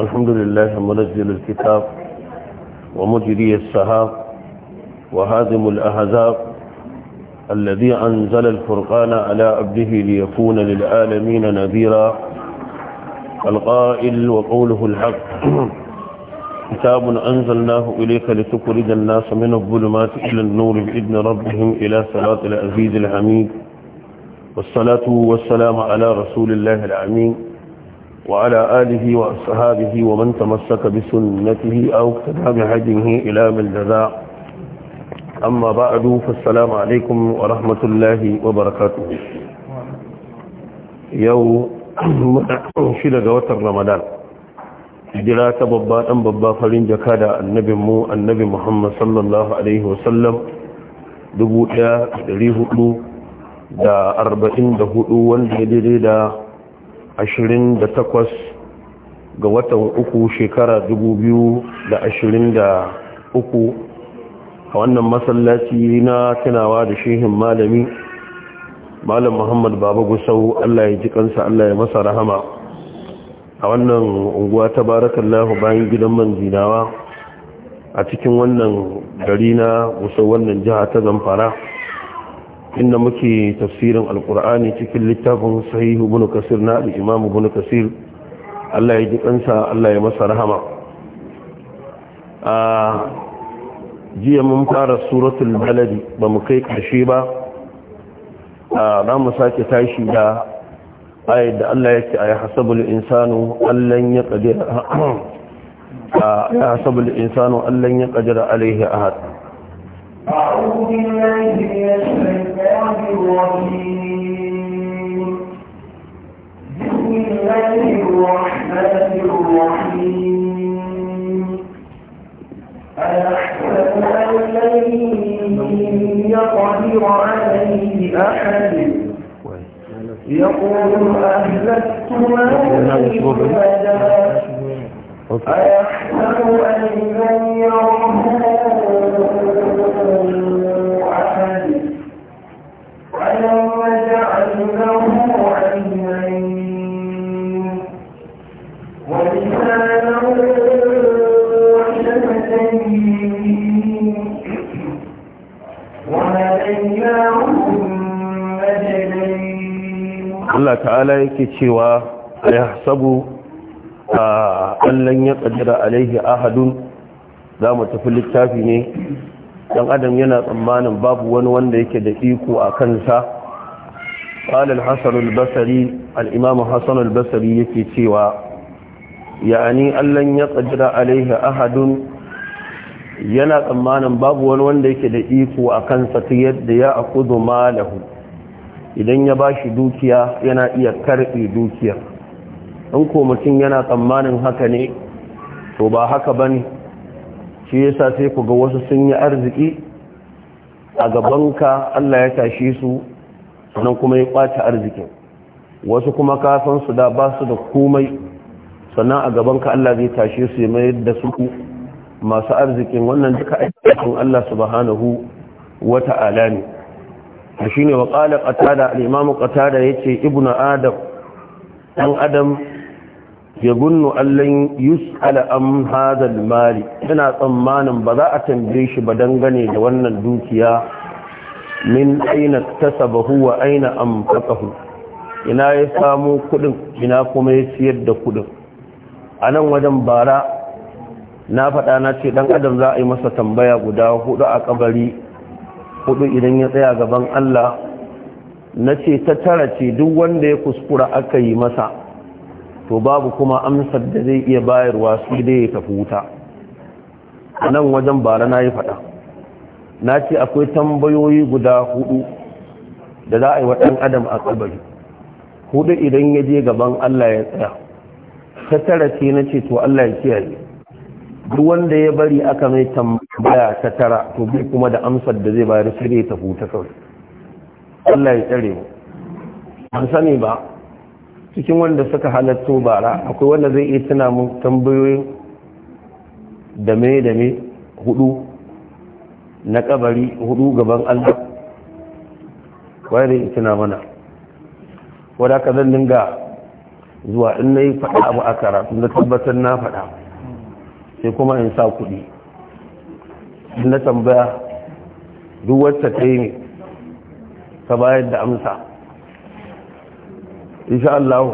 الحمد لله منزل الكتاب ومجري السهاب وهادم الأهزاب الذي أنزل الفرقان على عبده ليكون للعالمين نذيرا القائل وقوله الحق كتاب أنزلناه إليك لتخرج الناس من الظلمات إلى النور بإذن ربهم إلى صلاة العزيز الحميد والصلاة والسلام على رسول الله الأمين وعلى آله وأصحابه ومن تمسك بسنته أو اقتدى بهديه إلى من جزاء أما بعد فالسلام عليكم ورحمة الله وبركاته يوم شلق وتر رمضان hijira ta babba dan babba farin jaka da annabi mu annabi Muhammad sallallahu alaihi wasallam 1444 wanda ya daidai da 28 ga watan uku shekara 2023 a wannan masallaci na tunawa da shehin malami malam Muhammad Baba Gusau Allah ya ji kansa Allah ya masa rahama a wannan unguwa ta barakallahu bayan gidan manzinawa a cikin wannan gari na wasu wannan jiha ta zamfara inda muke tafsirin alkur'ani cikin littafin sahihu bunu kasir na imamu bunu kasir allah ya ji kansa allah ya masa rahama a jiya mun fara suratul baladi ba mu kai ƙarshe ba a mu sake tashi da ayat da Allah yake ay hasabul insanu allan yaqdir ya hasabul insanu allan yaqdir alayhi ahad أعوذ بالله من الشيطان الرجيم بسم الله الرحمن الرحيم أيحسب أن لن يقدر عليه أحد يقول أهلكت مالا أيحسب أن لن يره أحد ألم Allah ta'ala yake cewa ya sabu a allon ya ƙadira alaihi ahadun za mu tafi littafi ne ɗan adam yana tsammanin babu wani wanda yake da iko a kansa ƙalin hassanul basari al'imamun hassanul basari yake cewa ya'ani allon ya ƙadira alaihi ahadun yana tsammanin babu wani wanda yake da iko a kansa ta yadda ya akudu malahu idan ya ba shi dukiya yana iya karɓe dukiya. in ko mutum yana tsammanin haka ne to ba haka ba ne shi yasa sai ku ga wasu sun yi arziki a gabanka allah ya tashe su sannan kuma ya ƙwace arzikin wasu kuma kafin su da ba su da komai sannan a gabanka allah zai tashe su ya mayar da su masu arzikin wannan duka aikin allah subhanahu wata ne da shi ne kala ƙatada al'imamu ƙatada ya ce ibn adam ɗan adam ya gunnu allon yus al'am hazal mari yana tsammanin ba za a tambaye shi ba dangane da wannan dukiya min aina tasabahu wa aina amfaqahu ina ya samu kudin ina kuma ya siyar da kudin a nan wajen bara na faɗa na ce ɗan adam za a yi masa tambaya guda hudu a kabari hudu idan ya tsaya gaban Allah na ce ta tara ce duk wanda ya kuskura aka yi masa to babu kuma amsar da zai iya bayarwa su dai ya tafi wuta nan wajen bara na yi faɗa na ce akwai tambayoyi guda hudu da za a yi wa adam a kabari hudu idan ya je gaban Allah ya tsaya ta tara ce na ce to Allah ya kiyaye duk wanda ya bari aka mai tambaya ta tara to bi kuma da amsar da zai bayar sai ya tafi ta kawai Allah ya tsare mu an sani ba cikin wanda suka halatto bara akwai wanda zai iya tuna mu tambayoyin da me da me hudu na kabari hudu gaban Allah wai zai tuna mana wadaka zan dinga zuwa in na yi faɗa abu a karatu na tabbatar na faɗa sai kuma in sa kuɗi na tambaya duk wacce ta yi ta bayar da amsa insha Allah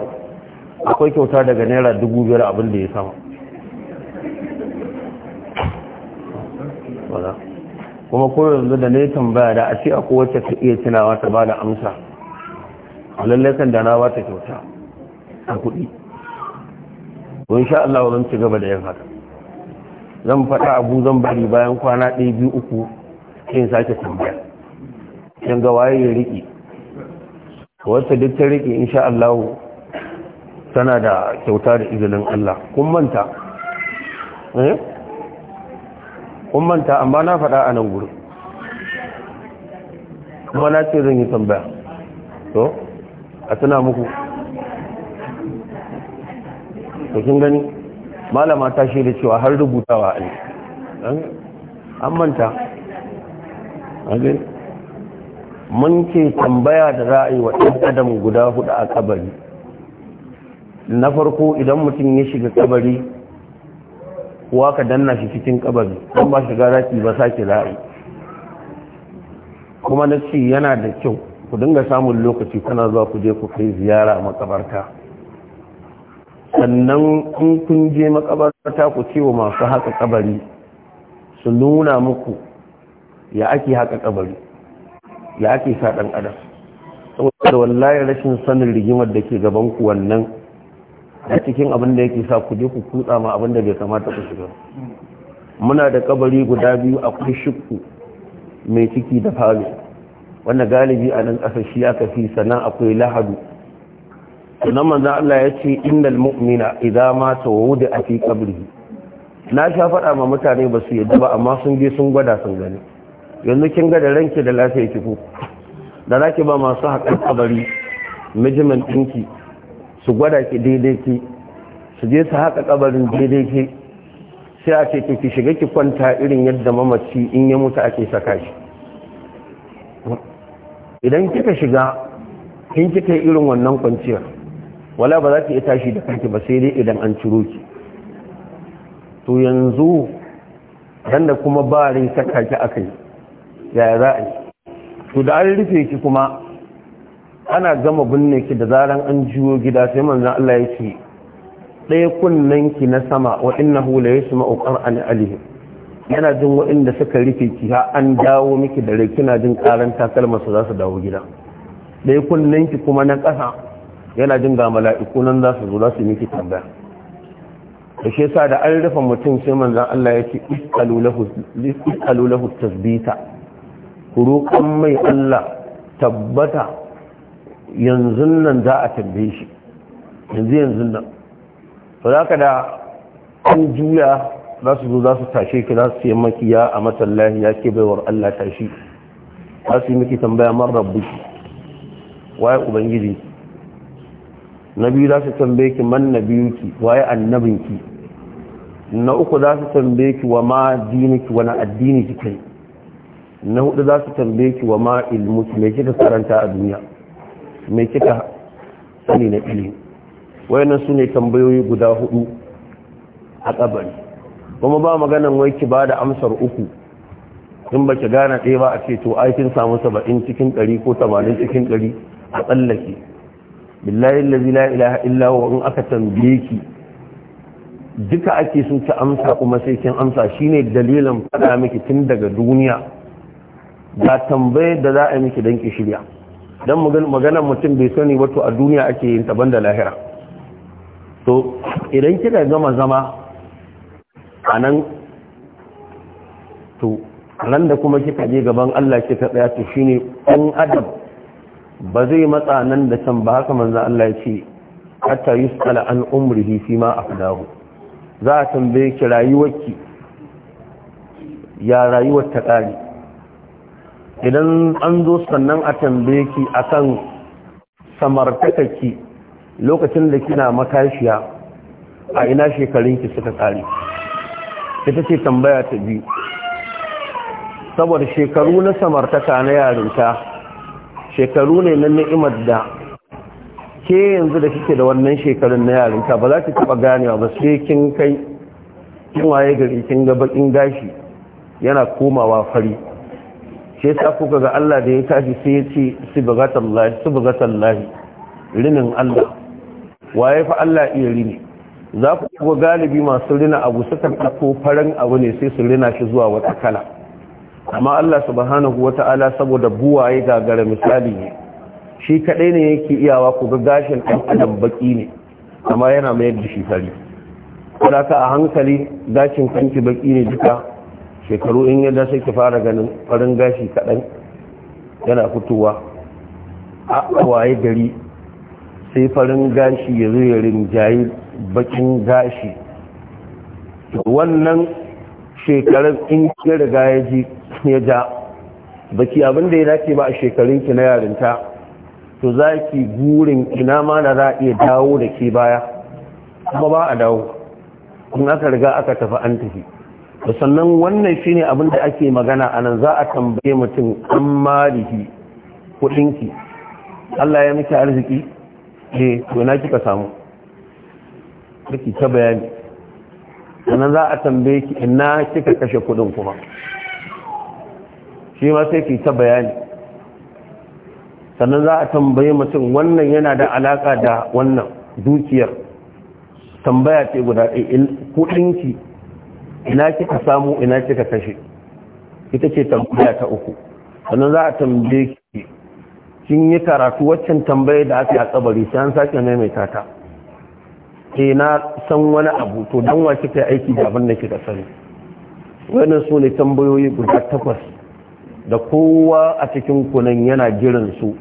akwai kyauta daga naira dubu biyar abin da ya sama kuma kuma yanzu da na yi tambaya da a ce a kowace ta iya tunawa ta ba da amsa a lallakan da na ba ta kyauta a kuɗi. Wani sha Allah wurin ci gaba da yin haka. zan faɗa abu zan bari bayan kwana ɗaya biyu uku sai sake tambaya yan ga waye ya riƙe wata duk ta riƙe insha Allah tana da kyauta da izinin Allah kun manta eh kun manta amma na faɗa a nan gurin kuma na ce zan yi tambaya to a tana muku to kin gani malama ta shi da cewa har rubutawa an manta mun ce tambaya da za a yi wa ɗan adam guda hudu a kabari na farko idan mutum ya shiga kabari kuwa ka danna shi cikin kabari don ba shiga zafi ba sake ke kuma na ce yana da kyau ku dinga samun lokaci kana zuwa ku je ku kai ziyara a makabarta sannan in kun je makabarta ku ce wa masu haka kabari su nuna muku ya ake haka kabari ya ake sa ɗan adam saboda wallahi rashin sanin rigimar da ke gaban ku wannan a cikin abin da yake sa ku je ku kutsa ma abin da bai kamata ku shiga muna da kabari guda biyu akwai shukku mai ciki da falo wanda galibi a nan ƙasar shi aka fi sannan akwai lahadu sannan manzan Allah ya ce innal mu'mina idza mata wa wudi a fi qabrihi na sha faɗa ma mutane ba su yadda ba amma sun je sun gwada sun gani yanzu kin ga da ranki da lafiya ki ko da zaki ba masu haƙar kabari mijiman ɗinki su gwada ki daidai ki su je su haƙa kabarin daidai ki sai a ce ki shiga ki kwanta irin yadda mamaci in ya mutu ake saka shi idan kika shiga kin kika yi irin wannan kwanciyar wala ba za ki iya tashi da kanki ba sai dai idan an ciro ki to yanzu dan da kuma ba rai saka ki akai yaya za a to da an rufe ki kuma ana gama binne ki da zaran an jiwo gida sai manzon Allah ya ce ɗaya kunnen ki na sama wa innahu la yasma'u qur'an alihim yana jin waɗanda suka rufe ki ha an dawo miki da rai kina jin karanta takalma su za su dawo gida ɗaya kunnen ki kuma na ƙasa yana jin ga mala'iku nan za su zo za su miki tambaya da shi sa da an rufe mutum sai manzon Allah ya ce iskalu lahu tasbita ku roƙan mai Allah tabbata yanzu nan za a tambaye shi yanzu yanzu nan to ka da an juya za su zo za su tashe ki za su yi maki ya a matallahi ya ke baiwar Allah tashi za su yi miki tambaya mara man rabbuki waye ubangiji na biyu za su tambaye ki man nabiyuki waye annabinki na uku za su tambaye ki wa ma diniki wani addini kike na hudu za su tambaye ki wa ma ilmuki me kika karanta a duniya me kika sani na ilimi wayannan su ne tambayoyi guda hudu a kabari kuma ba maganan wai ki ba da amsar uku in ba ki gane ɗaya ba a ce to ai kin samu saba'in cikin ɗari ko tamanin cikin ɗari a tsallake billahi allazi la ilaha illa huwa in aka tambaye ki duka ake so ki amsa kuma sai kin amsa shine dalilin fada miki tun daga duniya da tambaye da za a yi miki dan ki shirya dan magana mutum bai sani ba to a duniya ake yin ta da lahira to idan kika gama zama a nan to nan da kuma kika je gaban Allah kika tsaya to shine ɗan adam ba zai matsa nan da can ba haka manzan Allah ya ce hatta yi tsala an umrihi fi ma a za a tambaye ki rayuwarki ya rayuwar ta ƙari idan an zo sannan a tambaye ki akan samartakaki lokacin da kina makashiya a ina shekarunki suka ƙari ita ce tambaya ta biyu saboda shekaru na samartaka na yarinta shekaru ne na ni'imar da ke yanzu da kike da wannan shekarun na yarinka ba za ki taba ganewa ba sai kin kai kin waye gari kin ga bakin gashi yana komawa fari sai yasa kuka ga Allah da ya tashi sai ya ce subhanallahi subhanallahi rinin Allah waye fa Allah iya rini za ku ga galibi masu rina abu suka ɗauko farin abu ne sai su rina shi zuwa wata kala amma Allah subhanahu ta'ala saboda buwaye gagara misali ne shi kadai ne yake iyawa ku ga gashin ɗan adam baki ne amma yana mayar da shi fari kuma ka a hankali gashin kanki baki ne duka shekaru in yadda sai ki fara ganin farin gashi kaɗan yana fitowa a waye gari sai farin gashi ya zo ya rinjaye bakin gashi wannan shekarar in ki riga ya ya ja baki abin da ya dace ba a shekarunki na yarinta to za ki gurin ina ma na za iya dawo da ke baya kuma ba a dawo in aka riga aka tafi an tafi da sannan wannan shine abin da ake magana a nan za a tambaye mutum an marihi kudinki Allah ya miki arziki eh to na kika samu kike ta bayani sannan za a tambaye ki ina kika kashe kudin kuma shi ma sai ki ta bayani sannan za a tambaye mutum wannan yana da alaka da wannan dukiyar tambaya ce guda ɗaya kuɗinki ina kika samu ina kika kashe ita ce tambaya ta uku sannan za a tambaye ki kin yi karatu waccan tambaye da aka yi a kabari sai an sake maimaita ta ke na san wani abu to don wa kika yi aiki da abin da kika sani wannan su ne tambayoyi guda takwas da kowa a cikin kunan yana jiran su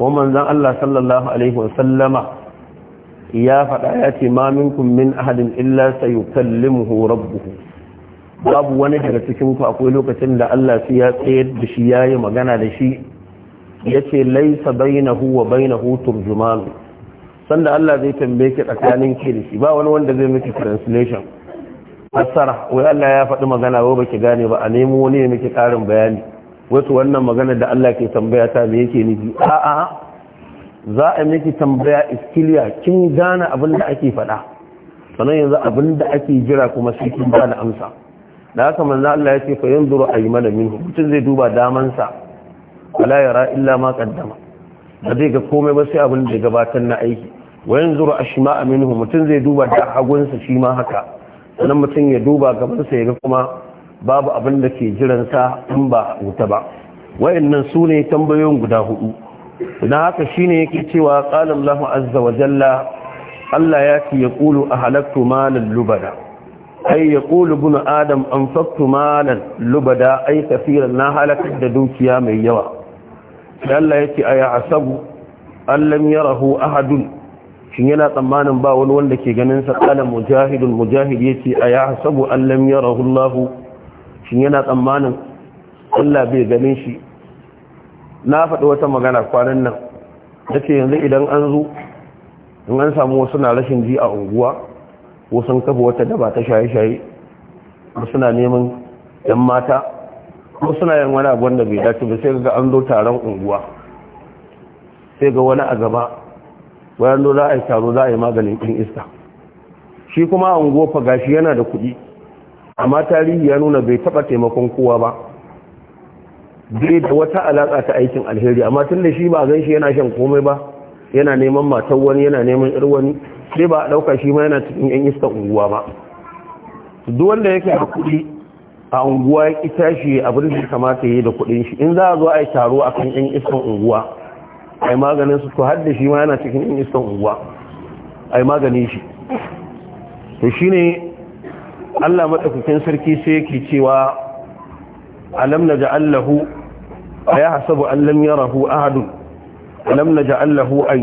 kuma manzon Allah sallallahu alaihi wasallama ya faɗa ya ce ma minkum min ahadin illa sayukallimuhu rabbuhu babu wani daga cikin ku akwai lokacin da Allah su ya tsayar da shi yayi magana da shi yace laisa bainahu wa bainahu turjuman sanda Allah zai tambaye ki tsakanin ke da shi ba wani wanda zai miki translation fassara wai Allah ya faɗi magana wai baki gane ba a nemo wani ne muke ƙarin bayani wato wannan magana da Allah ke tambaya ta me yake nufi a'a za a miki tambaya iskiliya kin gane abin da ake faɗa sannan yanzu abin da ake jira kuma sai kin ba da amsa da haka manzo Allah ya ce fa yanzuru aymana minhu mutum zai duba damansa wala yara illa ma qaddama ba zai ga komai ba sai abin da gabatar na aiki wa yanzuru ashma'a minhu mutum zai duba da hagunsa shi ma haka sannan mutum ya duba gabansa ya ga kuma babu abin da ke jiransa in ba wuta ba wayannan su ne tambayoyin guda hudu idan haka shine yake cewa qala lahu azza wa jalla Allah ya ce ya a ahlaktu malan lubada Ai ya Kulu ibn adam anfaqtu malan lubada Ai kafira na halakar da dukiya mai yawa Allah ya ce aya asabu allam yarahu ahadun shin yana tsammanin ba wani wanda ke ganin sa qala mujahidul ce a ayahsabu an lam yarahu Allah shin yana tsammanin Allah bai ganin shi na faɗi wata magana kwanan nan ce yanzu idan an zo in an samu wasu na rashin ji a unguwa ko sun kafa wata daba ta shaye-shaye ko suna neman yan mata ko suna yan wani abu wanda bai dace ba sai ga an zo taron unguwa sai ga wani a gaba wayan za a yi taro za a yi maganin ɗin iska shi kuma an gofa gashi yana da kuɗi amma tarihi ya nuna bai taɓa taimakon kowa ba bai da wata alaƙa ta aikin alheri amma tun da shi ba a shi yana shan komai ba yana neman matar wani yana neman ir wani sai ba a ɗauka shi ma yana cikin yan iska unguwa ba duk wanda yake da kuɗi a unguwa ya ƙi tashi abin da kamata ya yi da kuɗin shi in za a zo a yi taro a kan yan iskan unguwa ai maganin su to hadda shi ma yana cikin ministan uwa ai magani shi to shine Allah madaukakin sarki sai yake cewa alam naj'al lahu hasabu an lam yarahu ahad alam naj'al lahu a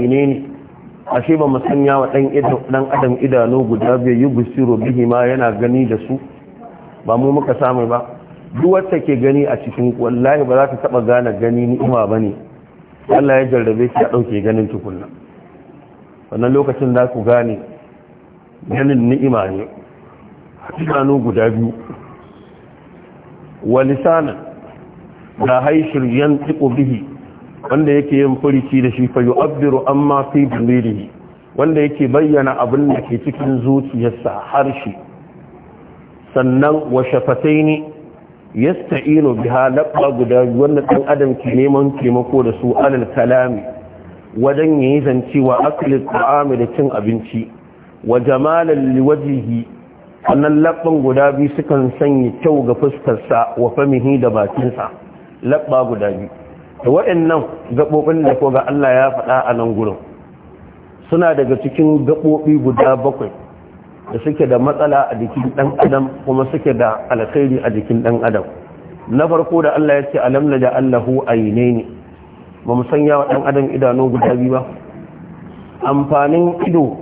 ashe ba musanya wa ɗan adam idanu guda biyu gusiro bihi ma yana gani da su ba mu muka samu ba duk wacce ke gani a cikin wallahi ba za ta taba gane gani ni'ima bane Allah ya jarrabe ki a ɗauke ganin tukunna wannan lokacin za ku gane ganin ni'ima ne idanu guda biyu wa lisanin da haishir tiko bihi wanda yake yin furici da shi fayu yu'abbiru amma fi dhamirihi wanda yake bayyana abin da ke cikin zuciyarsa harshe sannan wa ne yasta'inu biha labba guda wanda dan adam ke neman taimako da su alal kalami wajen yayi zance wa akli ta'ami da cin abinci wa jamalan liwajihi wannan labban guda biyu sukan sanya kyau ga fuskarsa wa famihi da bakinsa labba guda biyu da waɗannan gaɓoɓin da ko ga Allah ya faɗa a nan gurin suna daga cikin gaɓoɓi guda bakwai da suke da matsala a jikin ɗan adam kuma suke da alkhairi a jikin ɗan adam na farko da Allah ya ce alam la allahu aynaini ba mu sanya wa ɗan adam idanu guda biyu ba amfanin ido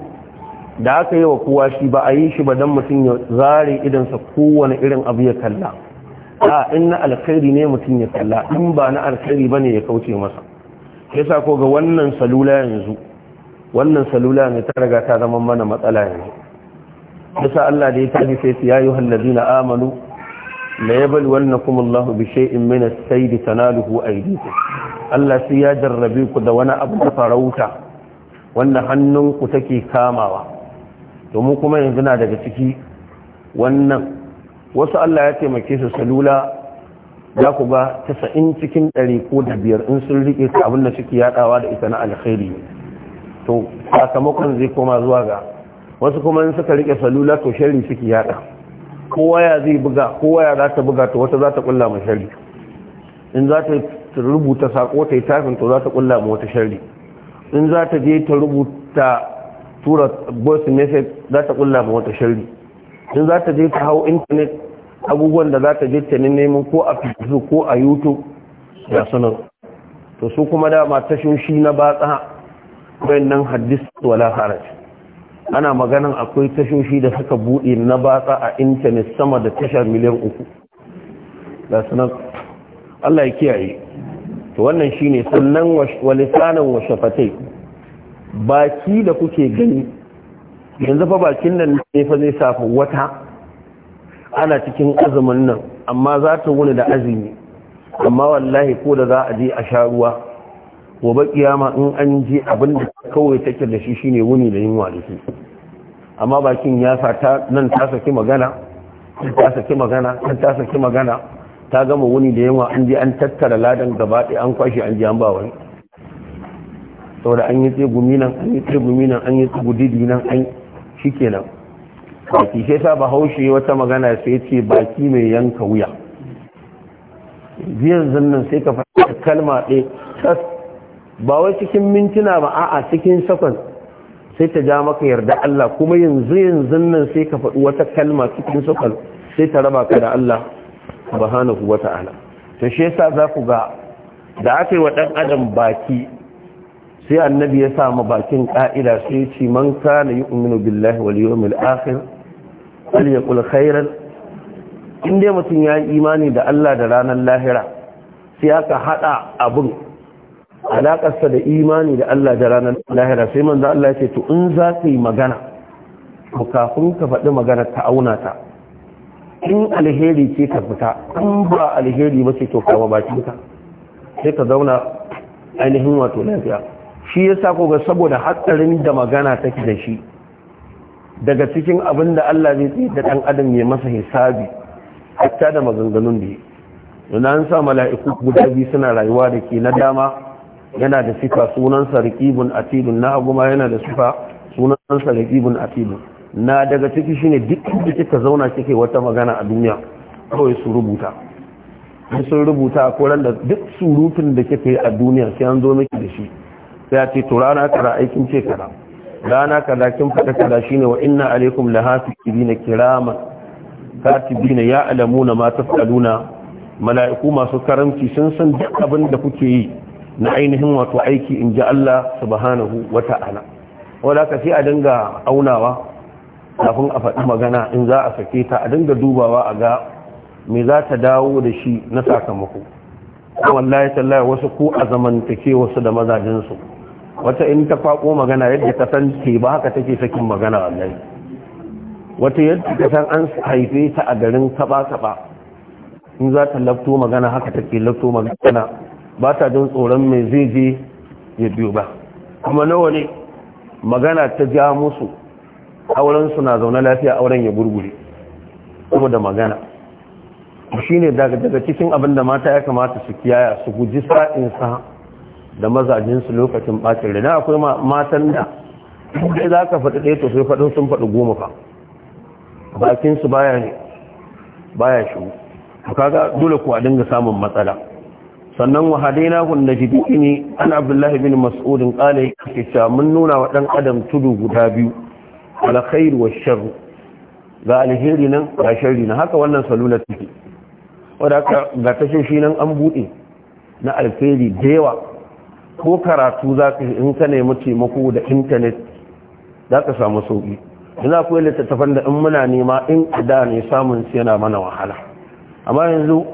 da aka yi wa kowa shi ba a yi shi ba dan mutum ya zare sa kowane irin abu ya kalla a in alkhairi ne mutum ya kalla in ba na alkhairi bane ya kauce masa yasa ko ga wannan salula yanzu wannan salula ne ta riga ta zama mana matsala yanzu bisa Allah da ya tafi sai su yayi hallazina amanu wannan kuma Allahu bi shay'in da as-sayd tanaluhu aydikum Allah sai ya jarrabe ku da wani abu da farauta wanda hannunku take kamawa domin kuma yanzu na daga ciki wannan wasu Allah ya taimake su salula za ku ga casa'in cikin ɗari ko da biyar in sun rike su abin da suke yaɗawa da ita na alkhairi to sakamakon zai koma zuwa ga wasu kuma in suka rike salula to sharri suke yada kowa ya zai buga kowa ya za ta buga to wata za ta kulla ma sharri in za ta rubuta sako ta tafin to za ta kulla ma wata sharri in za ta je ta rubuta tura voice message za ta kulla ma wata sharri in za ta je ta hau intanet abubuwan da za ta je ta neman ko a facebook ko a youtube ya sanar to su kuma dama tashoshi na batsa bayan nan haddis wala haraji. ana maganin akwai tashoshi da suka buɗe na batsa a intanet sama da tashar miliyan uku da sunan Allah ya kiyaye to wannan shine sannan wa lisanan wa shafatai baki da kuke gani yanzu fa bakin nan ne fa zai safa wata ana cikin azumin nan amma za ta wuni da azumi amma wallahi ko da za a je a sha ruwa gobe kiyama in an ji abin da kawai take da shi shine wuni da yunwa da shi amma bakin ya sa ta nan ta saki magana ta saki magana ta saki magana ta gama wuni da yunwa an je an tattara ladan gaba ɗaya an kwashe an je an ba wani saboda an yi tsegumi nan an yi tsegumi nan an yi tsegudidi nan an shikenan baki sai sa bahaushe wata magana sai ce baki mai yanka wuya biyan zannan sai ka faɗi kalma ɗaya tas ba wai cikin mintuna ba a'a cikin sakon sai ta ja maka yarda Allah kuma yanzu yanzu nan sai ka faɗi wata kalma cikin sakon sai ta raba ka da Allah subhanahu wata'ala to shi yasa za ku ga da aka yi wa ɗan adam baki sai annabi ya sa ma bakin ƙa'ida sai ce man kana yu'minu billahi wal yawmil akhir falyaqul khairan in dai mutum ya yi imani da Allah da ranar lahira sai aka hada abun alaƙarsa da imani da Allah da ranar lahira sai za Allah ya ce to in za ka yi magana to kafin ka faɗi magana ta auna ta in alheri ce ka fita in ba alheri ba ce to kawo bakin ka sai ka zauna ainihin wato lafiya shi ya sa ga saboda hatsarin da magana take da shi daga cikin abin da Allah zai tsaye da ɗan adam ya masa hisabi hatta da maganganun da yi yana an sa mala'iku guda biyu suna rayuwa da ke na dama yana da sifa sunansa sarkibun atidun na aguma yana da sifa sunansa sarkibun atidun na daga ciki shine duk da kika zauna kike wata magana a duniya kawai su rubuta sun rubuta ko ran da duk surutun da kike a duniya sai an zo miki da shi sai a ce to rana kaza aikin ce kaza rana kaza kin fada kaza shine wa inna alaikum lahasibina kirama katibina ya'lamuna ma taf'aluna mala'iku masu karamci sun san duk abin da kuke yi na ainihin wato aiki in ji Allah subhanahu wa ta'ala wadda ka sai a dinga aunawa kafin a faɗi magana in za a sake ta a dinga dubawa a ga me za ta dawo da shi na sakamako wallahi tallahi wasu ko a zamantake wasu da su wata in ta faƙo magana yadda ta san ke ba haka take sakin magana wallahi wata yadda ta san an haife ta a garin kaba-kaba in za ta lafto magana haka take lafto magana ba ta jin tsoron mai zai je ya biyo ba kuma nawa ne magana ta ja musu aurensu na zaune lafiya auren ya gurgure kuma da magana shi ne daga cikin abin da mata ya kamata su kiyaya su guji sa'insa da mazajinsu lokacin da rina akwai matan da kuma za ka faɗi ɗaya to sai faɗin sun faɗi goma fa bakinsu baya ne baya shi kaga dole ku a dinga samun matsala sannan wahadaina hun ini an bin bin mas'udin qala yake cewa mun nuna wa ɗan adam tudu guda biyu al khair wa sharu. ga alheri nan ga sharri nan haka wannan salula take wanda ga tashin shi nan an buɗe na alheri da yawa ko karatu za ka in ka nemi taimako da intanet za zaka samu sauki ina koyi littattafan da in muna nema in da ne samun yana mana wahala amma yanzu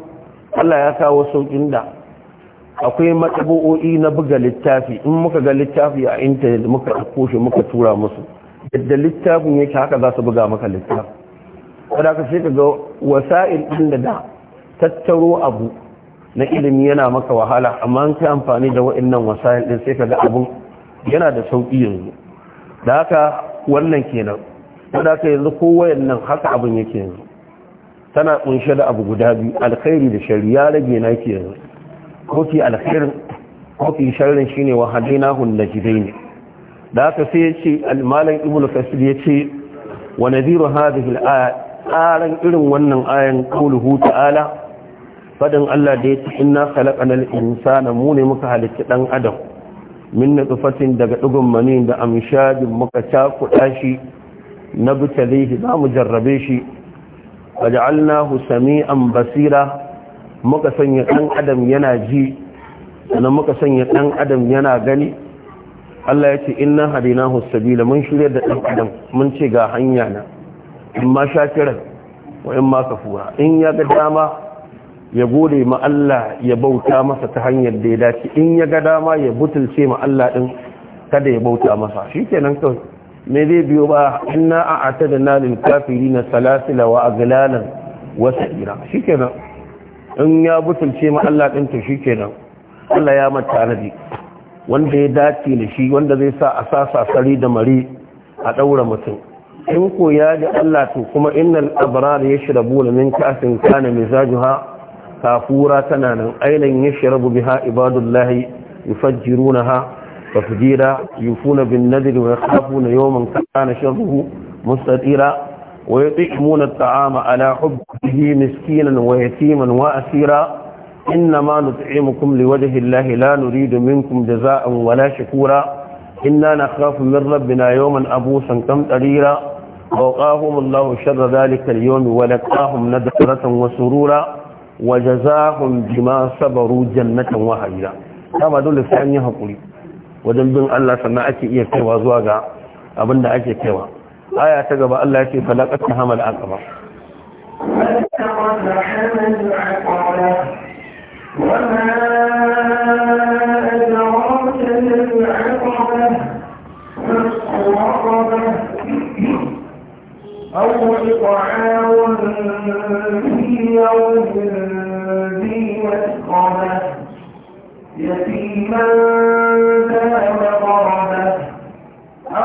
Allah ya kawo sauƙin da akwai matsabo'o'i na buga littafi in muka ga littafi a intanet muka ɗauko muka tura musu yadda littafin yake haka za su buga maka littafi kada ka sai ka ga wasa'il ɗin da da tattaro abu na ilimi yana maka wahala amma an ka amfani da waɗannan wasa'in ɗin sai ka ga abun yana da sauƙi yanzu da haka wannan kenan kada ka yanzu ko wayannan haka abin yake yanzu tana kunshe da abu guda biyu alkhairi da shari'a rage na ke yanzu mafi alkhairin mafi sharrin shine wa hadainahu najdain da aka sai yace malam ibnu kasir yace wa nadhiru hadhihi al-aya qaran irin wannan ayan qawluhu ta'ala fadin Allah da yace inna khalaqanal insana mu ne muka halitta dan adam min nutfatin daga dugun mani da amshadin muka cakuɗa shi na bitalihi za jarrabe shi waja'alnahu sami'an basira muka sanya ɗan adam yana ji sannan muka sanya ɗan adam yana gani Allah ya ce inna hadina sabila mun shirya da ɗan adam mun ce ga hanya na in ma shakiran wa in ma kafuwa. in ya ga dama ya gode ma Allah ya bauta masa ta hanyar da ya dace in ya ga dama ya butulce ma Allah ɗin kada ya bauta masa Shi nan kawai me zai biyo ba ina inna a'tadna lil kafirina salasila wa aglalan wa sa'ira nan. in ya butulce ma Allah ɗin to shi kenan Allah ya mata nabi wanda ya dace da shi wanda zai sa a sa sasari da mari a ɗaura mutum in ko ya ji Allah to kuma innal abrar yashrabu min kasin kana mizajuha kafura tana nan ailan yashrabu biha ibadullahi yufajjirunaha tafjira yufuna bin nadri wa yakhafuna yawman kana sharruhu mustatira ويطعمون الطعام على حبه مسكينا ويتيما وأسيرا إنما نطعمكم لوجه الله لا نريد منكم جزاء ولا شكورا إنا نخاف من ربنا يوما أبوسا كم تريرا ووقاهم الله شر ذلك اليوم ولقاهم ندرة وسرورا وجزاهم بما صبروا جنة وحريرا كما دول في أن يهقلي وجنب الله سمعك إيا كيوا زواغا أبن أكي كيوا آية ta الله Allah ya ce falaqat hamal aqaba وما أدراك للعقبة الصعبة أو إطعام في يوم ذي مسقبة يتيما ذا مقربة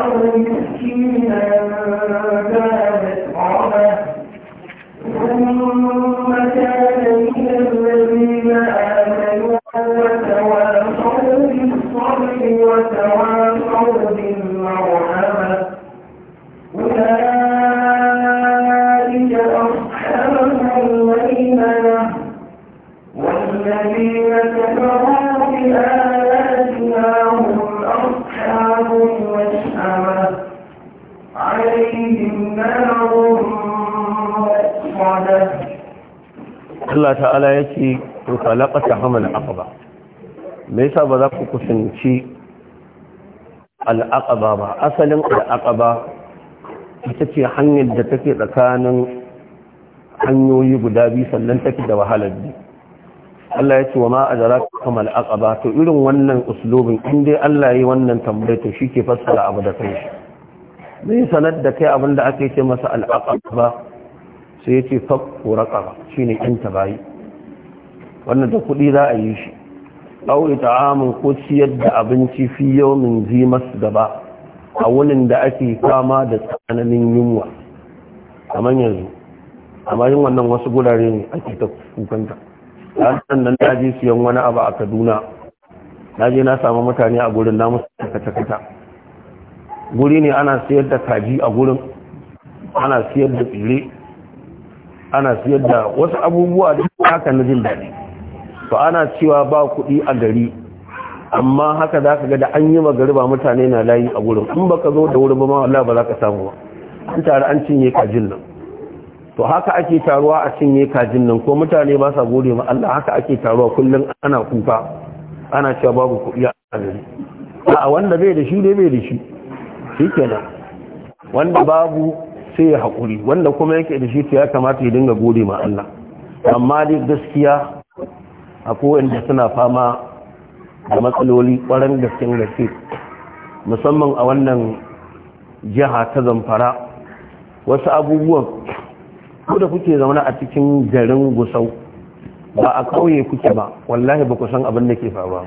مسكينا ذا متربة ثم كان Allah ta'ala ya ce, "Kuka laƙata hamal aqaba me yasa ba za ku kusanci al'aƙa ba, asalin ba ita ce hanyar da take tsakanin hanyoyi guda biyu sannan take da wahalar bi. Allah ya ce, "Wa ma a zara kama ba to irin wannan uslobin inda Allah ya yi wannan to shi ke fassara abu da kai shi. zai sanar da kai abin da aka ce masa ba sai ya ce fakku shi shine ƙinta bayi wannan da kuɗi za a yi shi ita amin ko ciyar da abinci fi min zi gaba a wunin da ake kama da tsananin yunwa kamar yanzu amma yin wannan wasu gurare ne ake ta kukanta san nan na je siyan wani abu a kaduna na je na samu mutane a gurin na musu guri ne ana siyar da kaji a gurin ana siyar da tsire ana siyar da wasu abubuwa da haka na jin daɗi to ana cewa ba kuɗi a gari amma haka za ka ga da an yi ba mutane na layi a gurin in ba ka zo da wuri ba ma Allah ba za ka samu ba an tare an cinye kajin nan to haka ake taruwa a cinye kajin nan ko mutane ba sa gode ma Allah haka ake taruwa kullum ana kuka ana cewa babu kuɗi a gari a wanda bai da shi ne bai da shi shi kenan wanda babu sai ya haƙuri wanda kuma yake da shi ya kamata ya dinga gode ma Allah amma dai gaskiya a kowanda suna fama da matsaloli ƙwarar gaskin gaske musamman a wannan jiha ta zamfara wasu abubuwan ko da kuke zaune a cikin garin gusau ba a ƙauye kuke ba wallahi ba ku san abin da ke faruwa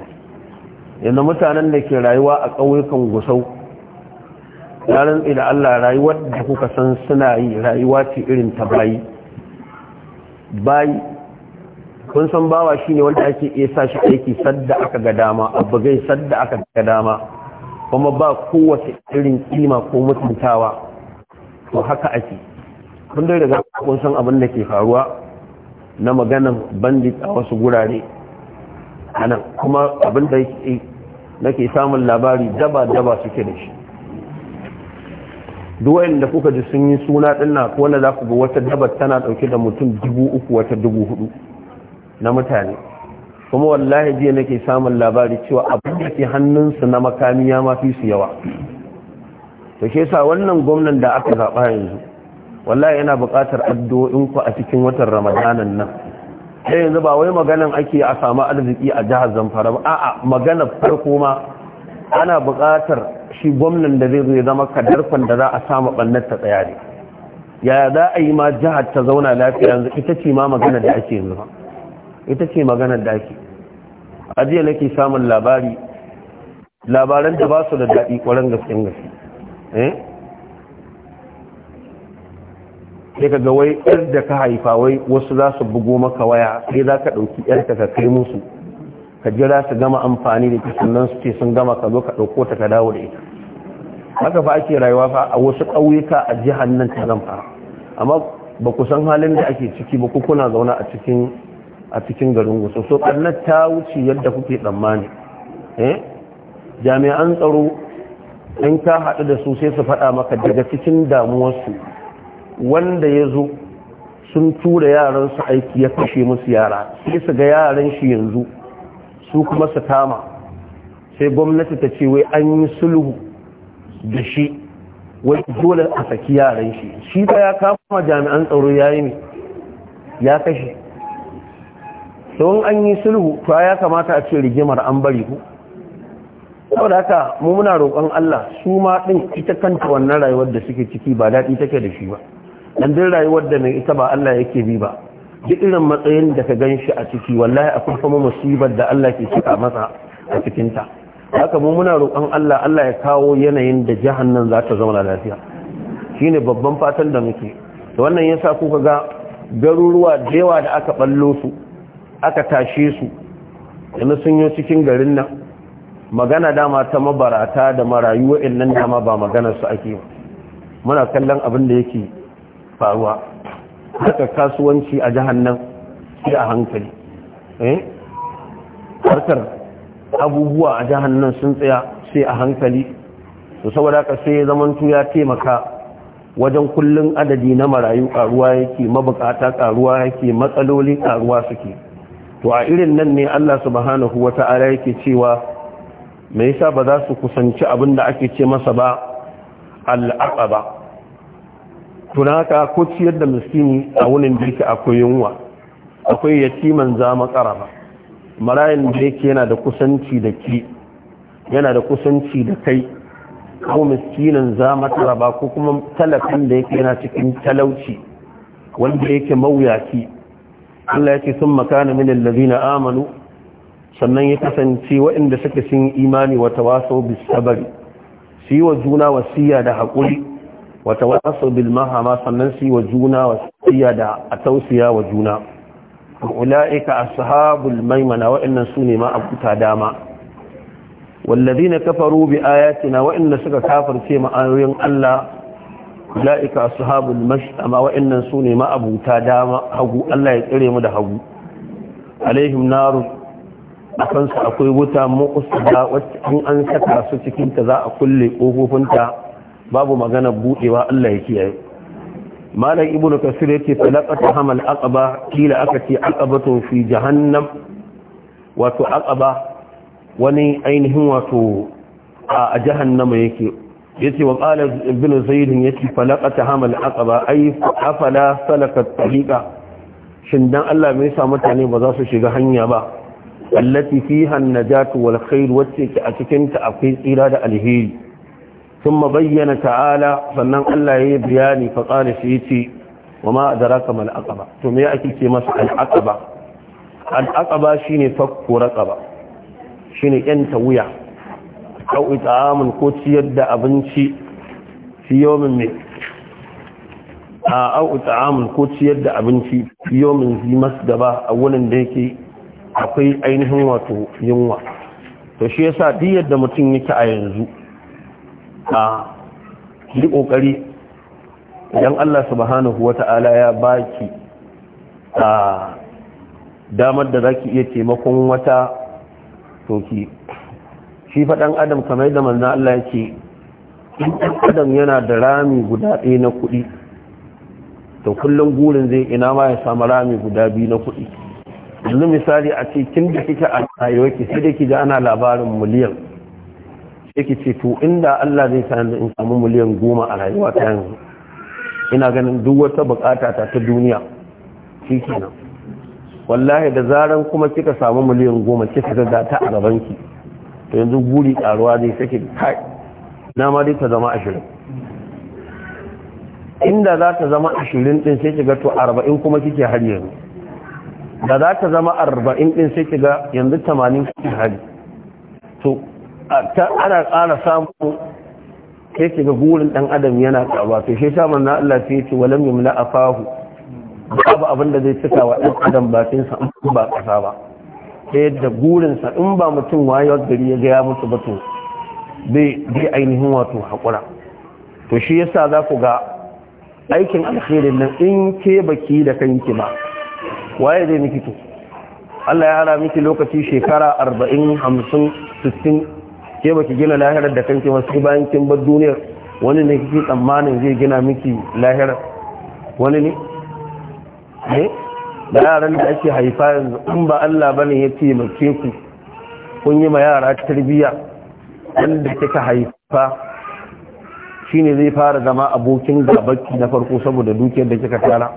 yanzu mutanen da ke rayuwa a ƙauyukan gusau yaran idan Allah rayuwar da kuka san suna yi rayuwa ce irin ta bayi bayi kun san bawa shine wanda ake iya sa shi aiki sadda aka ga dama abu gai sadda aka ga dama kuma ba kowace irin kima ko mutuntawa to haka ake kun dai daga kun san abin da ke faruwa na maganan bandit a wasu gurare anan kuma abin da nake samun labari daba daba suke da shi duk da kuka ji sun yi suna din na wanda za ku ga wata dabar tana ɗauke da mutum dubu uku wata dubu hudu na mutane kuma wallahi jiya nake samun labari cewa abin da ke hannunsu na makami ya mafi su yawa to shi yasa wannan gwamnan da aka zaɓa yanzu wallahi yana buƙatar addu'o'inku a cikin watan ramadanan nan sai yanzu ba wai maganan ake a samu arziki a jihar zamfara ba a'a magana farko ma ana buƙatar shi gwamnan da zai zo ya zama kadarkon da za a samu ɓannar ta tsaya ne ya za a yi ma jihar ta zauna lafiya yanzu ita ce ma magana da ake yanzu ita ce magana da ake a jiya nake samun labari labaran da ba su da daɗi ƙwarar gaske gaske eh sai ka ga wai ɗar da ka haifa wai wasu za su bugo maka waya sai za ka ɗauki yarka ka kai musu ka jira su gama amfani da ita sannan su ce sun gama ka zo ka ɗauko ta ka dawo da ita haka fa ake rayuwa fa a wasu ƙauyuka a jihar nan ta zamfara amma ba ku san halin da ake ciki ba ku kuna zauna a cikin a cikin garin wasu so ta wuce yadda kuke tsammani eh? jami'an tsaro in ka haɗu da su sai su faɗa maka daga cikin damuwarsu wanda ya zo sun tura yaransu aiki ya kashe musu yara sai su ga yaran shi yanzu su kuma su kama sai gwamnati ta ce wai an yi sulhu da shi wai dole a saki yaran shi shi ta ya kama jami'an tsaro ya yi ne ya kashe don an yi sulhu to ya kamata a ce rigimar an bari ku saboda haka mu muna roƙon Allah su ma din ita kanta wannan rayuwar da suke ciki ba daɗi take da shi ba dan din rayuwar da mai ita ba Allah yake bi ba duk irin matsayin da ka gan shi a ciki wallahi akwai kuma musibar da Allah ke cika masa a cikinta haka mu muna roƙon Allah Allah ya kawo yanayin da jahannan za ta zama lafiya shine babban fatan da muke to wannan yasa kuka ga garuruwa da da aka ballo su aka tashe su yana sun yi cikin garin nan magana dama ta mabarata da marayu wa'annan dama ba maganar su ake ba muna kallon abin da yake faruwa haka kasuwanci a jahannan sai a hankali eh harkar abubuwa a jihar nan sun tsaya sai a hankali to saboda ka sai ya zamanto ya taimaka wajen kullun adadi na marayu karuwa yake mabukata karuwa yake matsaloli karuwa suke to a irin nan ne Allah subhanahu wata'ala yake cewa me yasa ba za su kusanci abin da ake ce masa ba ba? tunaka ko ciyar da miskini a wurin da akwai yunwa akwai yatiman za makaraba marayan da yake yana da kusanci da ke yana da kusanci da kai ko miskinin za ba ko kuma talafin da yake yana cikin talauci wanda yake mawuyaci Allah yake sun makana min na amanu sannan ya kasance waɗanda suka sun imani wa wasu bis sabari su yi wa juna wasiya da haƙuri wa wasu bil mahama sannan su yi wa juna wasiya da a tausiya wa juna ula'ika ashabul maimana wa'annan su ne ma abuta dama wallazina kafaru bi ayatina wa'annan suka kafirce ma ayoyin Allah ula'ika ashabul mashama wa'annan su ne ma abuta dama hagu Allah ya tsire mu da hagu alaihim narun a kansu akwai wuta muqsada wacce an an saka su cikin ta za a kulle kofofinta babu magana budewa Allah ya kiyaye malam ibnu kasir yace talaqata hamal aqaba kila aka ce aqabatu fi jahannam wato aqaba wani ainihin wato a jahannama yake yace wa qala ibnu zayd yace falaqata hamal aqaba ay afala salakat tariqa shin dan Allah me yasa mutane ba za su shiga hanya ba allati fiha an-najatu wal khair wacce a cikin ta akwai tsira da alheri sun mabayyana ta'ala sannan Allah ya yi biyani faƙari su yi ce wa ma a zara kamar al'aƙaba to ake ce masa al'aƙaba al'aƙaba shi ne fakko raƙaba shi ne ƴanta wuya ƙau ita'amun ko ciyar da abinci fi yomin da zi masu gaba a wunin da yake akwai ainihin wato yunwa to shi yasa duk yadda mutum yake a yanzu ka yi kokari idan Allah subhanahu wa ta'ala ya baki a damar da zaki iya taimakon wata toki shi faɗan adam kamar da manzo Allah ya ce in adam yana da rami guda ɗaya na kuɗi to kullum gurin zai ina ma ya samu rami guda biyu na kuɗi yanzu misali a ce kin da kike a rayuwa sai da ki ga ana labarin miliyan yake ce to inda Allah zai sa in samu miliyan goma a rayuwa ta yanzu ina ganin duk wata bukata ta ta duniya shi kenan wallahi da zaran kuma kika samu miliyan goma kika ga ta a gaban ki to yanzu guri karuwa zai sake kai na ma dai ta zama ashirin inda za ta zama ashirin din sai kiga to arba'in kuma kike har yanzu da za ta zama arba'in din sai kiga yanzu tamanin kike hari to ana ƙara samu ke ke ga gurin ɗan adam yana karuwa to shi sa manna Allah sai ya ce walam yumla afahu babu abin da zai tsaka wa ɗan adam bakin sa in ba ƙasa ba ta yadda gurin sa in ba mutum wayo gari ya ga ya mutu ba to bai ainihin wato haƙura to shi yasa za ku ga aikin alkhairin nan in ke baki da kanki ba waye zai miki to Allah ya hana miki lokaci shekara arba'in hamsin sittin. ke baki gina lahirar da kanke wasu bayan kin bar duniyar wani ne kike tsammanin zai gina miki lahirar wani ne ne eh? da yaran da ake haifa yanzu in ba Allah bane ya ce taimake ku kun yi ma yara tarbiyya wanda kika haifa shine zai fara zama abokin gabaki na farko saboda dukiyar da kika tara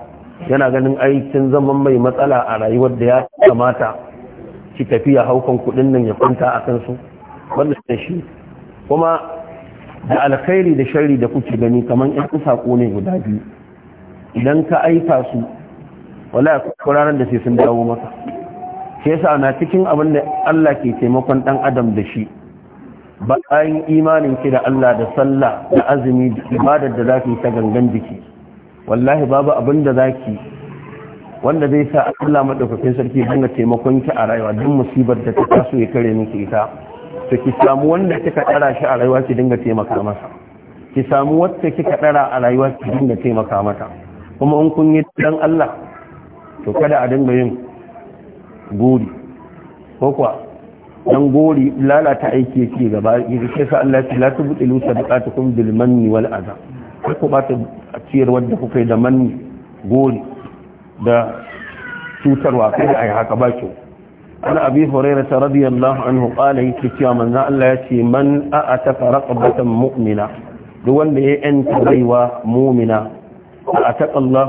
yana ganin aikin zaman mai matsala a rayuwar da ya kamata ki tafiya haukan kudin nan ya kwanta a kansu wannan shi kuma da alkhairi da shari da kuke gani kamar yan sako ne guda biyu idan ka aika su wala ku ranar da sai sun dawo maka Ke sa na cikin abin da Allah ke taimakon ɗan adam da shi bayan imanin ki da Allah da sallah da azumi da ibadar da zaki ta gangan jiki wallahi babu abin da zaki wanda zai sa Allah madaukakin sarki hanga taimakon ki a rayuwa duk musibar da ta taso ya kare miki ita to ki samu wanda kika dara shi a rayuwa ki dinga taimaka masa ki samu wacce kika dara a rayuwa ki dinga taimaka mata kuma in kun yi dan Allah to kada a dinga yin gori ko kuwa dan gori lalata aiki yake gaba yake sai sa Allah ya la lusa sadaqatukum bil manni wal adha ko ba ta ciyar wanda kuka yi da manni gori da cutarwa kai da ai haka ba kyau an abi hurera ta radiyallahu anhu qala yake cewa manzo Allah ya ce man a ata faraqatan mu'mina duk wanda ya yanta rayuwa mu'mina a'a ata Allah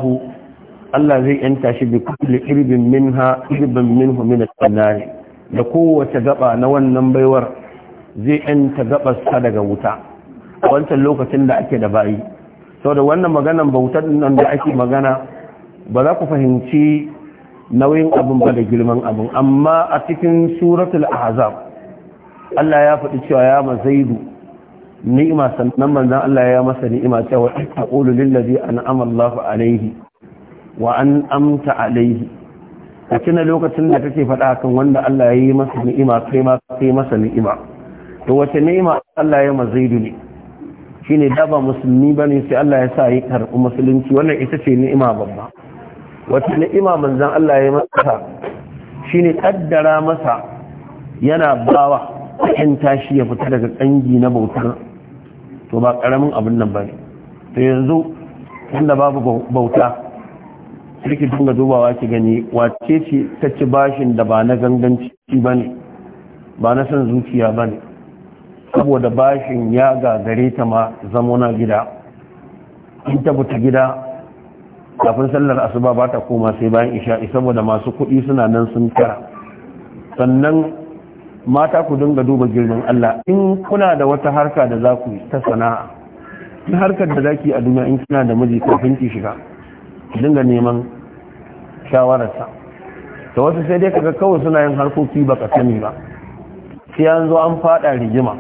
zai yanta shi bi kulli irbin min al da kowace gaba na wannan baiwar zai yanta gaba sa daga wuta wancan lokacin da ake da bayi saboda wannan maganar bautar nan da ake magana ba za ku fahimci nauyin abin ba da girman abin amma a cikin suratul ahzab Allah ya faɗi cewa ya mazaidu ni'ima sannan manzon Allah ya masa ni'ima cewa aqulu lillazi an Allahu alaihi wa an amta alaihi a cina lokacin da kake faɗa kan wanda Allah ya yi masa ni'ima kai ma kai masa ni'ima to wace ni'ima Allah ya mazaidu ne shine da ba musulmi bane sai Allah ya sa yi karɓi musulunci wannan ita ce ni'ima babba wata ni'ima manzan Allah ya masa ne kaddara masa yana bawa ƙin tashi ya fita daga ƙangi na bauta to ba ƙaramin abin nan ba ne. to yanzu inda babu bauta ki dinga dubawa ki gani wace ce ta ci bashin da ba na ganganci ne? ba na son zuciya ba ne. saboda bashin ya gagare ta ma zamo na gida in ta gida kafin sallar asuba ba ta koma sai bayan isha'i saboda masu kuɗi suna nan sun kara sannan mata ku dinga duba girman Allah in kuna da wata harka da za ku ta sana'a in harkar da za ki a duniya in kina da miji kafin ki shiga ki dinga neman shawararsa ta wasu sai dai kaga kawai suna yin harkoki ba ka sani ba sai an zo an faɗa rigima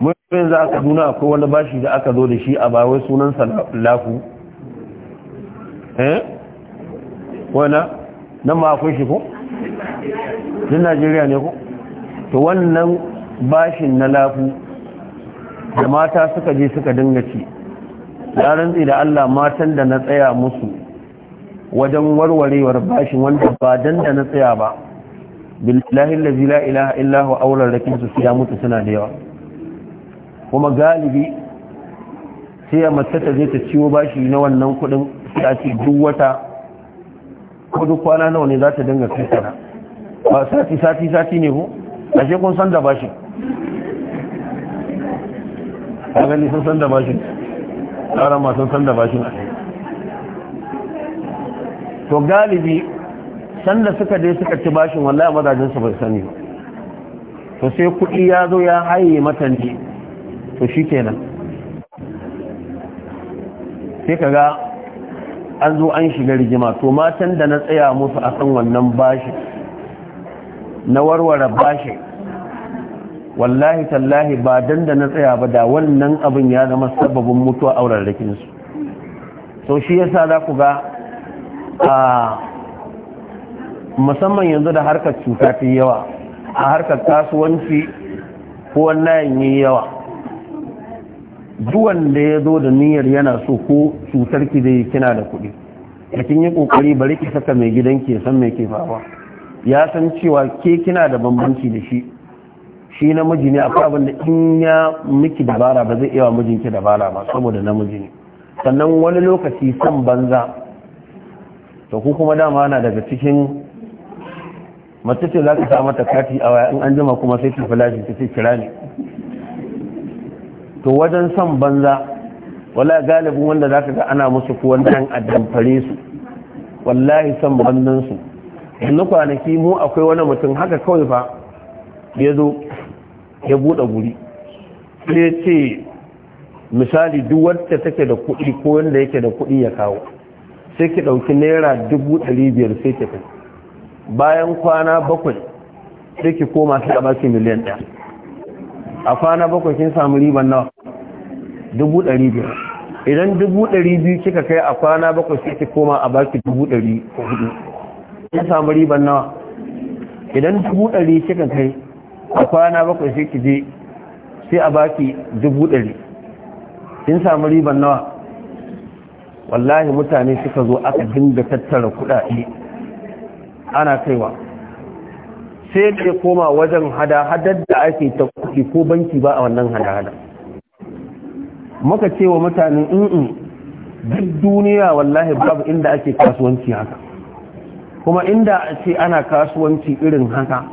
mun yanzu a Kaduna akwai wani bashi da aka zo da shi a bawai sunansa lafu Eh? wana nan ma kun shi ko din najeriya ne ko to wannan bashin na lafu da mata suka je suka dinga ci yaran da Allah matan da na tsaya musu wajen warwarewar bashin wanda ba dan da na tsaya ba billahi allazi la ilaha illa huwa aular rakin su ya mutu suna da yawa kuma galibi sai mace ta je ta ciwo bashi na wannan kudin ta ce duk wata ko duk kwana nawa ne za ta dinga kai ba sati sati sati ne ko ashe kun san da bashi a gani sun san da bashin tsaron masu san da bashin a to galibi sanda suka dai suka ci bashin mazajen su bai sani ba to sai kuɗi ya zo ya haye matanci to shi kenan sai ka ga an zo an shiga rigima to matan da na tsaya musu a kan wannan bashi na warware bashi wallahi tallahi ba dan da na tsaya ba da wannan abin ya zama sababin mutuwa auren rikinsu to shi yasa za ku ga a musamman yanzu da harkar cuta ta yawa a harkar kasuwanci ko wannan yayi yawa duwan da ya zo da niyyar yana so ko cutar ki zai kina da kuɗi da kin yi kokari bari ki saka mai gidan ki san mai ke fawa ya san cewa ke kina da bambanci da shi shi namiji ne akwai abin da in ya miki dabara ba zai iya mijin ki dabara ba saboda namiji ne sannan wani lokaci san banza to ku kuma dama na daga cikin mace ce za ka sa mata kati a waya in an jima kuma sai ta fulashi ta sai kira ne to wajen son banza wala galibin wanda za ka ga ana musu kuwan ɗan su wallahi son bandansu yanzu kwanaki mu akwai wani mutum haka kawai fa ya zo ya buɗe guri Sai ya ce misali duk wadda take da kuɗi ko wanda yake da kuɗi ya kawo sai ki ɗauki naira dubu ɗari biyar sai ki kai bayan kwana bakwai sai ki koma sai a ki miliyan ɗaya a kwana bakwai kin samu riban nawa dubu ɗari biyar idan dubu ɗari biyu kika kai a kwana bakwai sai ki koma a baki dubu ɗari hudu kin samu riban nawa idan dubu ɗari kika kai a kwana bakwai sai ki je sai a baki dubu ɗari kin samu riban nawa wallahi mutane suka zo aka dinga tattara kuɗaɗe ana kaiwa sai da koma wajen hada-hadar da ake ta kuɗi ko banki ba a wannan hada-hada muka ce wa mutane in'in duk duniya wallahi babu inda ake kasuwanci haka kuma inda ce ana kasuwanci irin haka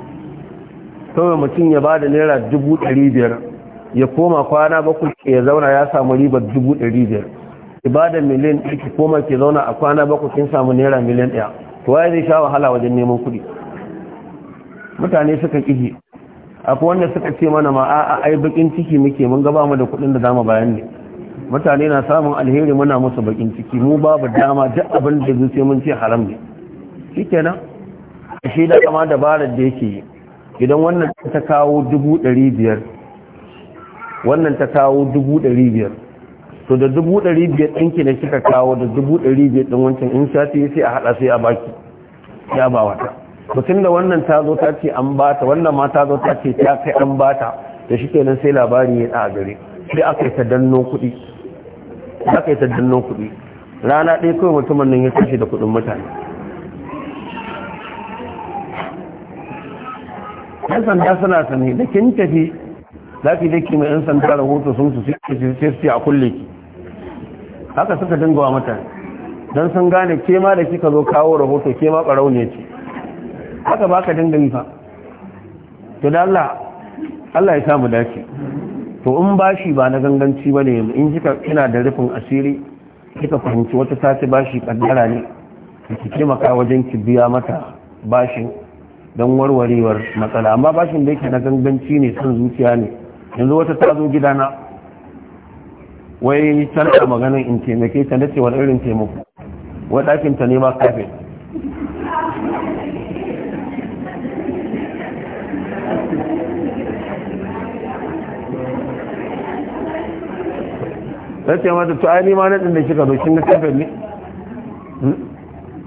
kawai mutum ya ba da naira dubu ɗari biyar ya koma kwana bakwai ya zauna ya samu riba dubu ɗari biyar ibada miliyan ɗaya koma ke zauna a kwana bakwai kin samu naira miliyan ɗaya to waye zai sha wahala wajen neman kuɗi mutane suka kihi akwai wanda suka ce mana ma a ai bakin ciki muke mun gaba mu da kuɗin da zamu bayan ne mutane na samun alheri muna musu bakin ciki mu babu dama duk abin da zuce mun ce haram ne shikenan shi da kama dabarar da yake idan wannan ta kawo dubu ɗari biyar wannan ta kawo dubu ɗari biyar to da dubu ɗari biyar ɗinki da kika kawo da dubu ɗari biyar ɗin wancan in sati sai a haɗa sai a baki ya ba wata mutum da wannan ta zo ta ce an bata wannan ma ta zo ta ce ta kai an bata da shi kenan sai labari ya ɗa gare sai aka yi ta danno kuɗi aka yi ta danno kuɗi rana ɗaya kawai mutumin nan ya kashe da kuɗin mutane yan sanda suna sani da kin tafi za ki yi ki mai yan sanda rahoto sun su sai su a kulle ki haka suka dinga wa mutane don sun gane ke ma da kika zo kawo rahoto ke ma ɓarau ne ce haka ba ka dinga yi fa to da Allah Allah ya samu dace to in bashi ba na ganganci bane in kika kina da rufin asiri kika fahimci wata tace bashi kaddara ne ki taimaka wajen ki biya mata bashin don warwarewar matsala amma bashin da yake na ganganci ne son zuciya ne yanzu wata ta zo gidana wai tana maganin in taimake ta nace wani irin taimako wa dakin ta ne ma kafin na ce mata to ai ni ma naɗin da kika zo kin na tafi ne hmm?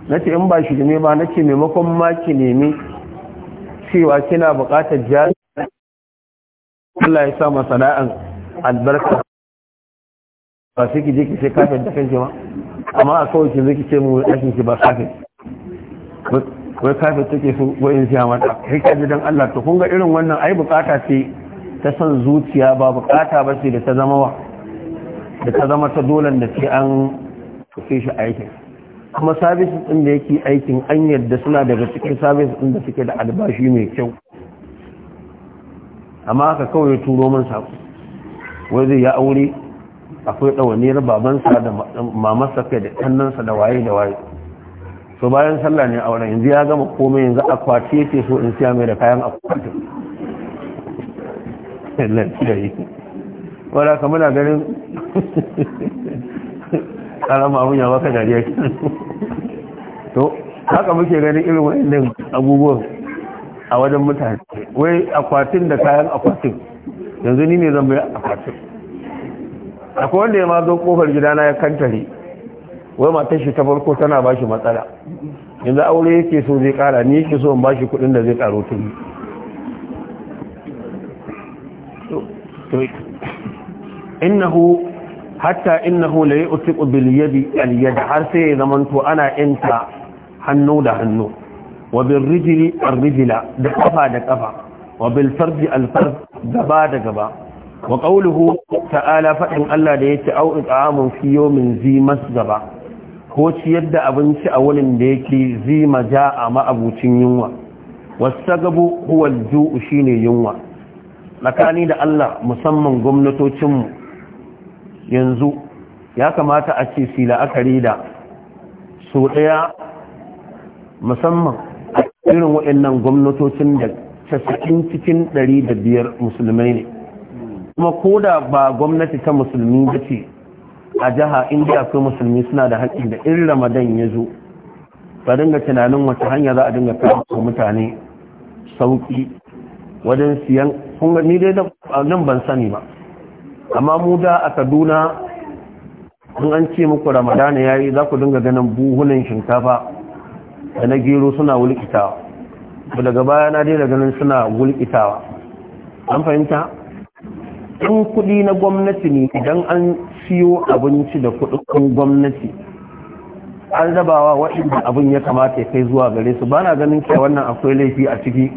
na ce in ba shi ne ba na ce maimakon ma ki nemi cewa kina buƙatar jari Allah ya sa sana'an albarka ba sai ki je ki sai kafin da kanki ma amma a kawai ki ki ce mu ɗakin ki ba kafin wai kafin take so wayin siya mata sai ka ji dan Allah to kun ga irin wannan ai bukata ce ta son zuciya ba bukata ba sai da ta zama wa da ta zama ta dolan da ce an tufe shi aikin kuma sabis ɗin da yake aikin an yadda suna daga cikin sabis ɗin da suke da albashi mai kyau amma haka kawai turo min saku wai zai ya aure akwai ɗawaniyar babansa da mamarsa kai da ɗannansa da waye da waye so bayan sallah ne auren yanzu ya gama komai yanzu akwati yake so in siya mai da kayan akwatin wadda ka muna ganin karama abin yawa ka dariya to haka muke ganin irin wa'annan abubuwan a wajen mutane wai akwatin da kayan akwatin yanzu ni ne zan bai akwatin akwai wanda ya ma zo kofar gidana ya kantare wai matar shi ta farko tana ba shi matsala yanzu aure yake so zai kara ni yake so in ba shi kudin da zai karo tuni innahu hatta innahu la yu'tiqu bil yadi al yad har sai ya to ana inta hannu da hannu wa bil rijli ar da ƙafa, da kafa wa gaba da gaba wa qawluhu ta'ala faɗin Allah da ya ci au iqamun fi yawmin zi gaba. ko ciyar da abinci a wurin da yake zi ja a abucin yunwa wasagabu huwa al ju'u shine yunwa tsakani da Allah musamman gwamnatocinmu yanzu ya kamata a ce sila akari da so ɗaya musamman a irin waɗannan gwamnatocin da cikin cikin ɗari da biyar musulmai ne kuma ko da ba gwamnati ta musulmi ba ce a jiha inda akwai musulmi suna da haƙƙi da irin ramadan ya zo ba dinga tunanin wata hanya za a dinga kawo mutane sauƙi wajen siyan ni dai nan ban sani ba amma mu da a kaduna in an ce muku ramadana ya yi za ku dinga ganin buhunan shinkafa da na gero suna wulkitawa ba daga baya na daina ganin suna wulkitawa an fahimta in kudi na gwamnati ne idan an siyo abinci da kudin gwamnati an zabawa waɗanda abin ya kamata ya kai zuwa gare su ba na ganin kai wannan akwai laifi a ciki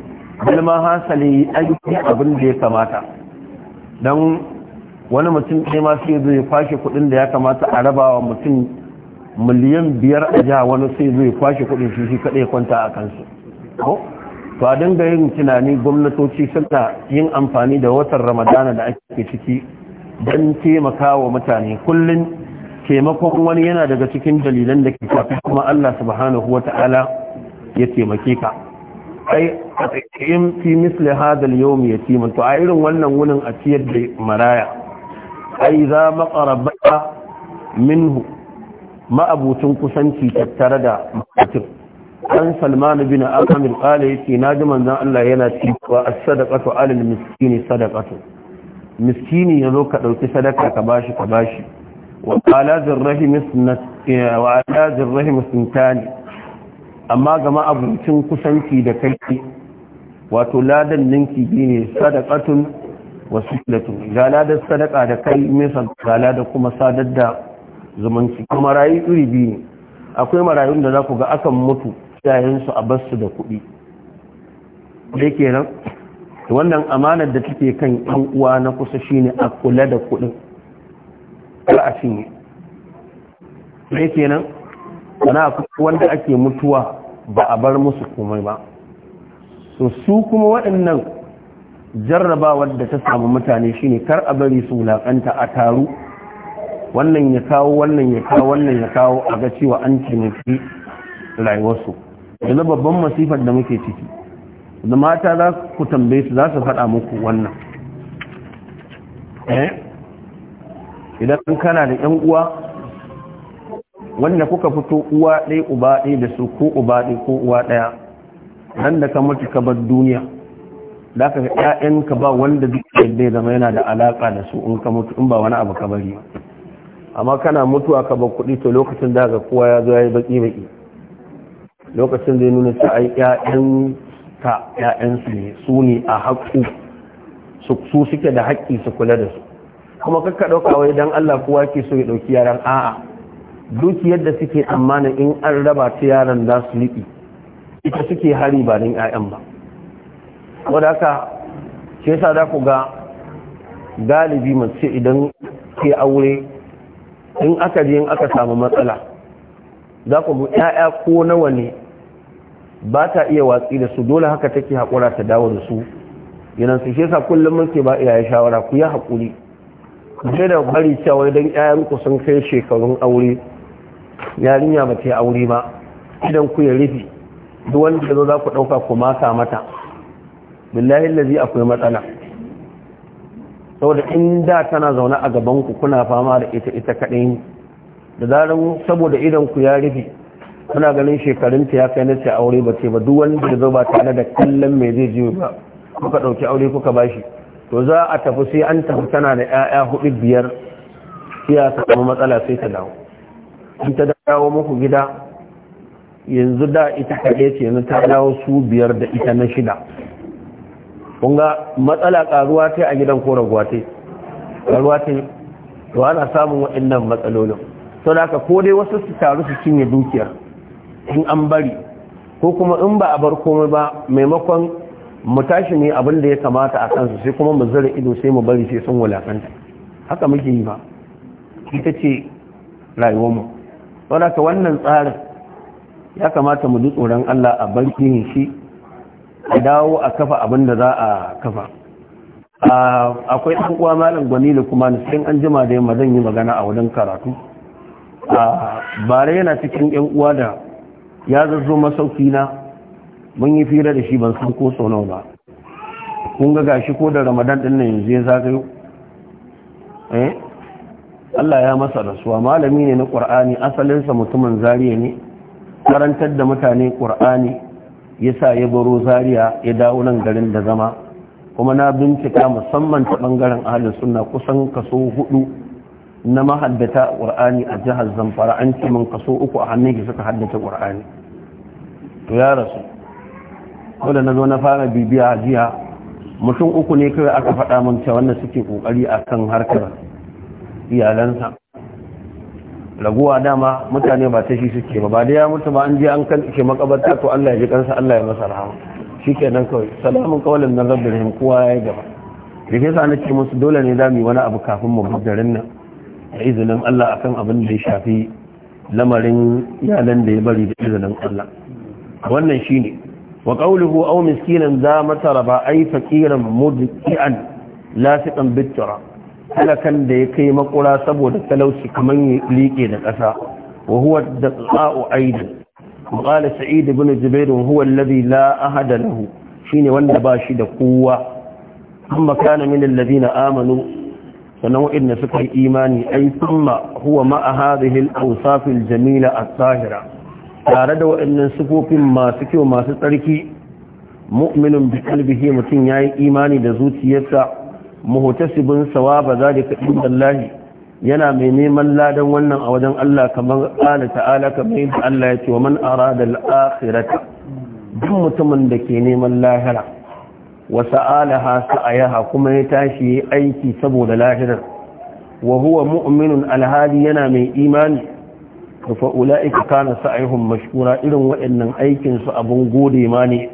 bilma hasali aiki abin da ya kamata don wani mutum ɗaya ma sai zai kwashe kuɗin da ya kamata a raba wa mutum miliyan biyar a jiha wani sai zai kwashe kuɗin shi shi kaɗai kwanta a kansu to a dinga yin tunani gwamnatoci suna yin amfani da watan ramadana da ake ciki don taimaka wa mutane kullum taimakon wani yana daga cikin dalilan da ke kafin kuma Allah subhanahu wata'ala ya taimake ka ai a tsakiyin fi misli hadal mai yatiman to a irin wannan wunin a ciyar da maraya ai za maƙarabba minhu ma'abucin kusanci tattare da mutum an salman bin amir ce na naji manzon Allah yana cewa a sadaqatu 'ala al-miskini sadaqatu miskini yazo ka ɗauki sadaka ka bashi ka bashi wa qala zarrahim sunnat wa amma ga ma'abucin kusanci da kai wato ladan ninki ne sadaqatun wasilatu gala da sadaka da kai misal gala da kuma sadar da zumunci kuma rayu iri biyu ne akwai marayun da zaku ga akan mutu su a basu da kuɗi da ke nan wannan amanar da take kan yan uwa na kusa shine a kula da kuɗin kar a cinye da kenan? nan sana wanda ake mutuwa ba a bar musu komai ba so su kuma waɗannan jarrabawar da ta samu mutane shine kar a bari su wulakanta a taru wannan ya kawo wannan ya kawo wannan ya kawo a ga cewa an ciniki rayuwarsu yanzu babban masifar da muke ciki da mata za ku tambaye su za su faɗa muku wannan eh? idan kana da yan uwa wanda kuka fito uwa ɗaya uba ɗaya da su ko uba ɗaya ko uwa ɗaya nan da ka mutu ka bar duniya da ka ƴaƴanka ba wanda duk yadda zama yana da alaka da su in ka mutu in ba wani abu ka bari amma kana mutuwa ka ba kuɗi to lokacin da ga kowa ya zo ya yi baki baki lokacin da ya nuna su ai ƴaƴan ta su ne su ne a haƙƙu su suke da haƙƙi su kula da su kuma kakka ɗauka wai dan Allah kowa ke so ya ɗauki yaran a'a dukiyar da suke amana in an raba ta yaran za su riƙi ita suke hari ba dan 'ya'yan ba wadaka haka shi za ku ga galibi mace idan ke aure in aka ji aka samu matsala za ku ga 'ya'ya ko nawa ne ba ta iya watsi da su dole haka take haƙura ta dawo da su yanan su shi kullum muke ba iyaye shawara ku yi haƙuri sai da bari cewa dan ku sun kai shekarun aure yarinya ba ta aure ba idan ku ya rufi duk wanda zo za ku ɗauka ku masa mata billahi lazi akwai matsala saboda in da tana zaune a gabanku kuna fama da ita ita kaɗai da zarar saboda idan ku ya rufe kuna ganin shekarunta ya kai na ce aure ba ce ba duk wanda ya zo ba tare da kallon mai zai ji ba kuka ɗauki aure kuka bashi to za a tafi sai an tafi tana da 'ya'ya hudu biyar siya samu matsala sai ta dawo in ta dawo muku gida yanzu da ita kaɗai ce yanzu ta dawo su biyar da ita na shida Kunga matsala karuwa ta a gidan ko raguwa ta karuwa ta to ana samun waɗannan matsalolin sau da ko dai wasu su taru su cinye dukiyar in an bari ko kuma in ba a bar komai ba maimakon mu tashi ne abin da ya kamata a kansu sai kuma mu zara ido sai mu bari sai sun wulakanta haka muke yi ba ita ce mu sau da wannan tsarin ya kamata mu ji tsoron Allah a barkin shi a dawo a kafa abinda da za a kafa akwai ɗan uwa malam gwamnati kuma sai an jima da yamma zan yi magana a wajen karatu bare yana cikin yan uwa da ya zazzo masauki na mun yi fira da shi ban san ko sau nawa ba kun ga gashi ko da ramadan din nan yanzu ya zagayo eh Allah ya masa rasuwa malami ne na ƙur'ani asalinsa mutumin zariya ne karantar da mutane ƙur'ani. ya sa ya baro zariya ya dawo nan garin da zama kuma na bincika musamman ta bangaren ahalin suna kusan kaso hudu na mahaddata ƙur'ani a jihar zamfara an ce min kaso uku a hannun ki suka haddace ƙur'ani to ya rasu wanda na zo na fara bibiya a jiya mutum uku ne kawai aka faɗa min cewa wanda suke ƙoƙari a kan harkar iyalansa raguwa dama mutane ba ta shi suke ba ba da ya mutu ba an je an kan ke makabarta to Allah ya ji kansa Allah ya masa rahama shi ke nan kawai salamun nan rabbi rahim kowa ya yi gaba da ke sa nake musu dole ne za mu yi wani abu kafin mu garin nan a izinin Allah a kan abin da ya shafi lamarin iyalan da ya bari da izinin Allah wannan shine wa qawluhu aw miskinan za mataraba ay faqiran mudqi'an lasiqan bitra talakan da ya kai makura saboda talauci kamar liƙe da ƙasa wa huwa da tsa'u aidin maƙala sa'id ibn jubairun huwa alladhi la ahada lahu shine wanda ba shi da kowa amma kana min alladhina amanu sanan wa'inda suka yi imani ai thumma huwa ma'a hadhihi al-awsaf al-jamila a sahira tare da wa'annan sifofin masu kyau masu tsarki mu'minun bi qalbihi mutun yayi imani da zuciyarsa muhtasibun sawaba zalika inda yana mai neman ladan wannan a wajen Allah kamar qala ta'ala kamar yadda Allah ya ce wa man arada al-akhirata duk mutumin da ke neman lahira wa sa'alaha sa'ayaha kuma ya tashi aiki saboda lahirar wa huwa mu'minun alhadi yana mai imani fa ula'ika kana sa'ayuhum mashkura irin waɗannan aikin su abun gode ma ne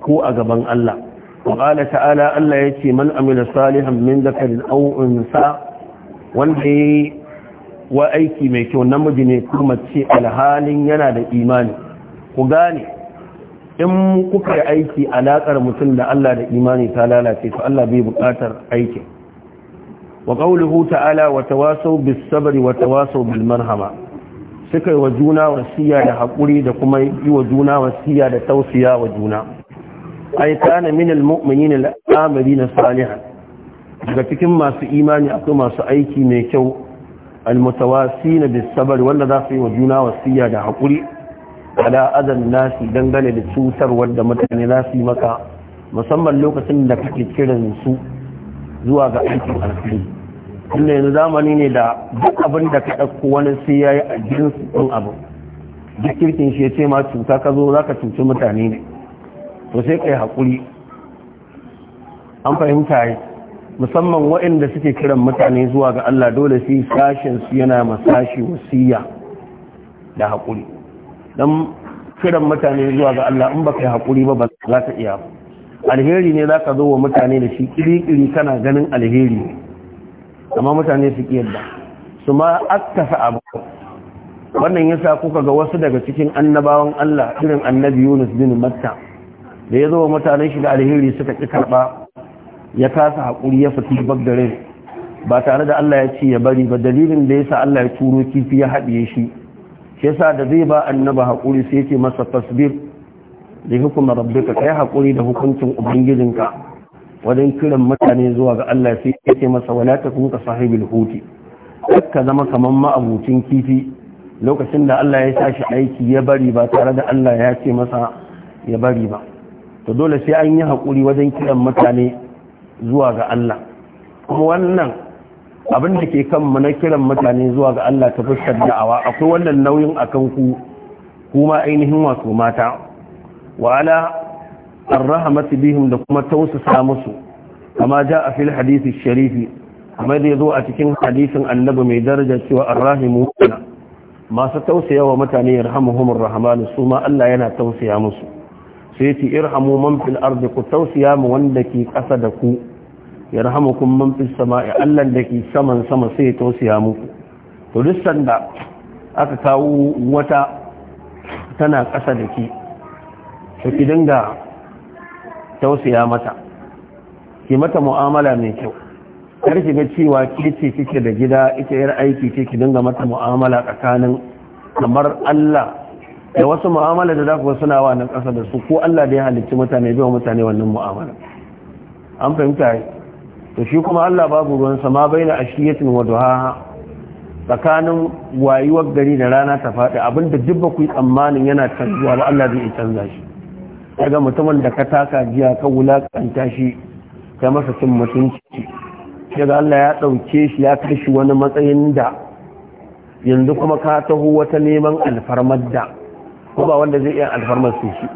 ko a gaban Allah وقال تعالى ألا يتي من أمل صالحا من ذكر أو أنثى وانهي وأيكي ميكي ونمج ميكو متشي على حال ينال إيماني وقالي in kuka yi aiki alaƙar mutum da Allah da imani ta lalace to Allah bai buƙatar aiki. wa ƙauluhu ta'ala wa tawasau bis sabri wa tawasau bil marhama suka yi wa juna wasiya da haƙuri da kuma yi wa juna wasiya da tausiya juna ai kana min almu'minin na salihan daga cikin masu imani akwai masu aiki mai kyau almutawasin bis-sabr wanda za su yi wa juna wasiya da hakuri ala adan nasi dangane da cutar wanda mutane za su yi maka musamman lokacin da kake kiran su zuwa ga aikin alkhairi inda yanzu zamani ne da duk abin da ka ɗauko wani sai ya yi a jinsu ɗin abu duk kirkin shi ya ce ma cuta ka zo za ka cuci mutane ne to sai kai haƙuri an fahimta yi musamman waɗanda suke kiran mutane zuwa ga Allah dole sai sashen su yana masashi wasiya da haƙuri don kiran mutane zuwa ga Allah in ba yi haƙuri ba ba za ka iya alheri ne za ka zo wa mutane da shi kiri-kiri kana ganin alheri ne amma mutane su yadda su ma akasa abu wannan yasa kuka ga wasu daga cikin annabawan Allah irin annabi Yunus bin Matta da ya zo mutanen shi da alheri suka ƙi karɓa ya kasa haƙuri ya fiti bagdare ba tare da Allah ya ce ya bari ba dalilin da yasa Allah ya turo kifi ya haɗiye shi shi yasa da zai ba annaba haƙuri sai ce masa tasbir da hukumar rabbika kai haƙuri da hukuncin ubangijinka wajen kiran mutane zuwa ga Allah sai ya ce masa wala takun ka sahibul huti ka zama kaman ma'abucin kifi lokacin da Allah ya sa shi aiki ya bari ba tare da Allah ya ce masa ya bari ba to dole sai an yi haƙuri wajen kiran mutane zuwa ga Allah kuma wannan abin da ke kan na kiran mutane zuwa ga Allah ta fuskar da'awa akwai wannan nauyin akan ku kuma ainihin wato mata wa ala arrahamati bihim da kuma tausasa musu kama ja a fil hadisi sharifi amma da zo a cikin hadisin annabi mai daraja cewa arrahimu masu tausaya wa mutane yarhamuhumur rahmanu su ma Allah yana tausaya musu sai ce irhamu man fil ardi ku tausiya mu wanda ke kasa da ku kun man sama sama'i Allah da ke saman sama sai ya tausiya muku to duk sanda aka kawo wata tana kasa da ki to ki dinga tausaya mata ki mata mu'amala mai kyau kar ki ga cewa ki ce kike da gida ita yar aiki ce ki dinga mata mu'amala tsakanin kamar Allah da wasu mu'amala da za ku suna wa nan ƙasa da su ko Allah da ya halicci mutane biyan mutane wannan mu'amala an fahimta to shi kuma Allah babu ruwan sama bai baina ashiyatin wa duha tsakanin wayuwar gari da rana ta faɗi abinda duk ku yi tsammanin yana canzuwa ba Allah zai canza shi daga mutumin da ka taka jiya ka wulakanta shi kai masa cin mutunci daga Allah ya ɗauke shi ya kai shi wani matsayin da yanzu kuma ka taho wata neman alfarmar da ko ba wanda zai iya alfarmar su shi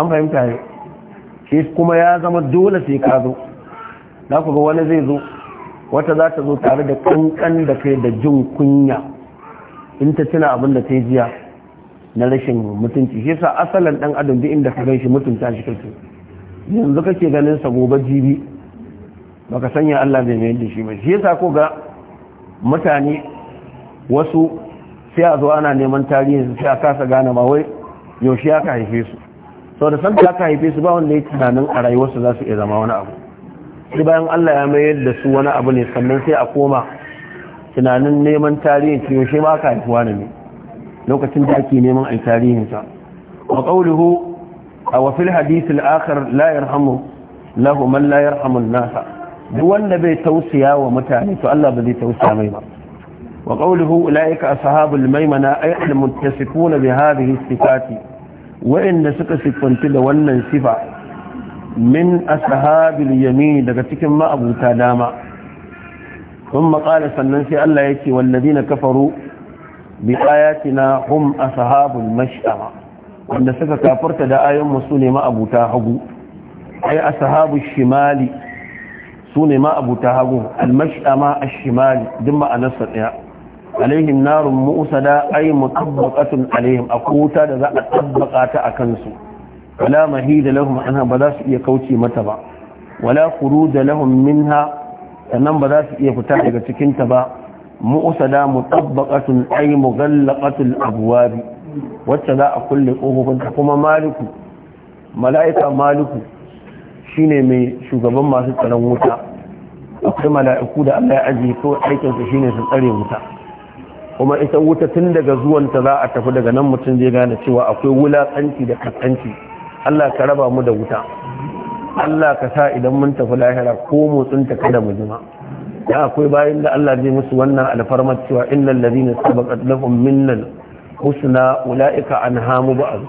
an fahimta ne shi kuma ya zama dole sai ka zo za ku ga wani zai zo wata za ta zo tare da kankan da kai da jin kunya in ta tuna abin da ta jiya na rashin mutunci shi sa asalin dan adam duk inda ka gan shi mutunta shi kake yanzu kake ganin sa gobe jibi baka sanya Allah zai mayar da shi ba shi sa ko ga mutane wasu sai a zo ana neman tarihin sai a kasa gane ma wai yaushe aka haife su sau da san aka haife su ba wanda ya tunanin a rayuwarsu za su iya zama wani abu sai bayan Allah ya mayar da su wani abu ne sannan sai a koma tunanin neman tarihin su yaushe ba aka haifuwa ne lokacin da ake neman a tarihin sa wa qawluhu aw fil hadith akhar la yarhamu lahu man la yarhamu nasa duk wanda bai tausaya wa mutane to Allah ba zai tausaya mai ba وقوله أولئك أصحاب الميمنة أي المتصفون بهذه الصفات وإن سكسفن تلونا صفة من أصحاب اليمين دكتكم ما أبو تاداما ثم قال سننسي الله يكي والذين كفروا بآياتنا هم أصحاب المشأمة وإن سكسفرت دعايا مسوني ما أبو تاهبو أي أصحاب الشمال سوني ما أبو تاهبو المشأمة الشمال دم أنسر يعني alaihim narun mu'usada ay mutabbaqatun alaihim akuta da za a tabbaka ta akan su wala mahida lahum anha ba za su iya kauce mata ba wala khuruja lahum minha sannan ba za su iya fita daga cikin ta ba mu'usada mutabbaqatun ay mughallaqatul abwab wacce za a kulle kofofin ta kuma maliku mala'ika maliku shine mai shugaban masu tsaron wuta akwai mala'iku da Allah ya ajiye kawai aikinsu shine su tsare wuta kuma ita wuta tun daga zuwan ta za a tafi daga nan mutum zai gane cewa akwai wulaƙanci da kaskanci Allah ka raba mu da wuta Allah ka sa idan mun tafi lahira ko motsin ta kada mu jima ya akwai bayan da Allah zai musu wannan alfarmar cewa innal ladina sabaqat lahum minnal husna ulaika anha mubaz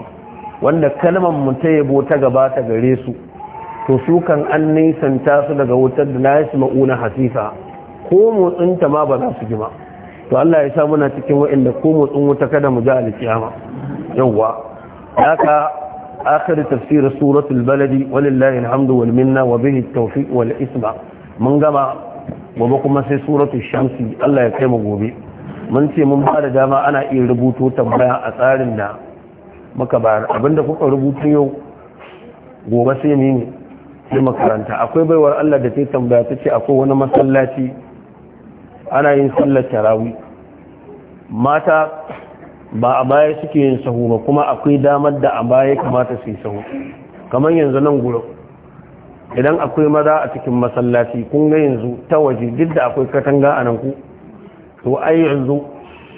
wanda kalmar mu ta yabo ta gaba ta gare su to su kan an nisanta su daga wutar da na yi su ma'una hasifa ko motsinta ma ba za su jima to Allah ya sa muna cikin wa'inda ko motsin wuta kada mu ji alkiyama yawa haka akhir tafsir suratul baladi walillahi alhamdu wal minna wa bihi at-tawfiq wal isma mun gama gobe kuma sai suratul shamsi Allah ya kai mu gobe mun ce mun ba da dama ana iya rubuto tambaya a tsarin da muka bayar abinda kuka rubuta yau gobe sai ne ne makaranta akwai baiwar Allah da ta tambaya ta ce akwai wani masallaci ana yin sallar tarawi mata ba a baya suke yin sahu ba kuma akwai damar da a baya kamata su yi sahu kamar yanzu nan gurin idan akwai maza a cikin masallaci kun ga yanzu ta waje duk da akwai katanga a nan ku to ai yanzu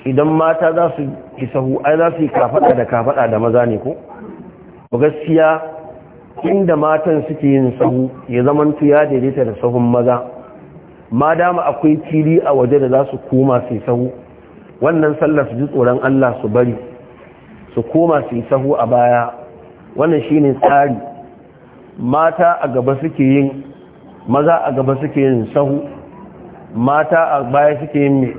idan mata za su yi sahu ai za su yi kafada da kafada da maza ne ko gaskiya inda matan suke yin sahu ya zamantu ya daidaita da sahun maza ma dama akwai fili a waje da za su koma su yi sahu wannan sallar su ji tsoron Allah su bari su koma su yi sahu a baya wannan shine tsari mata a gaba suke yin maza a gaba suke yin sahu mata a baya suke yin mai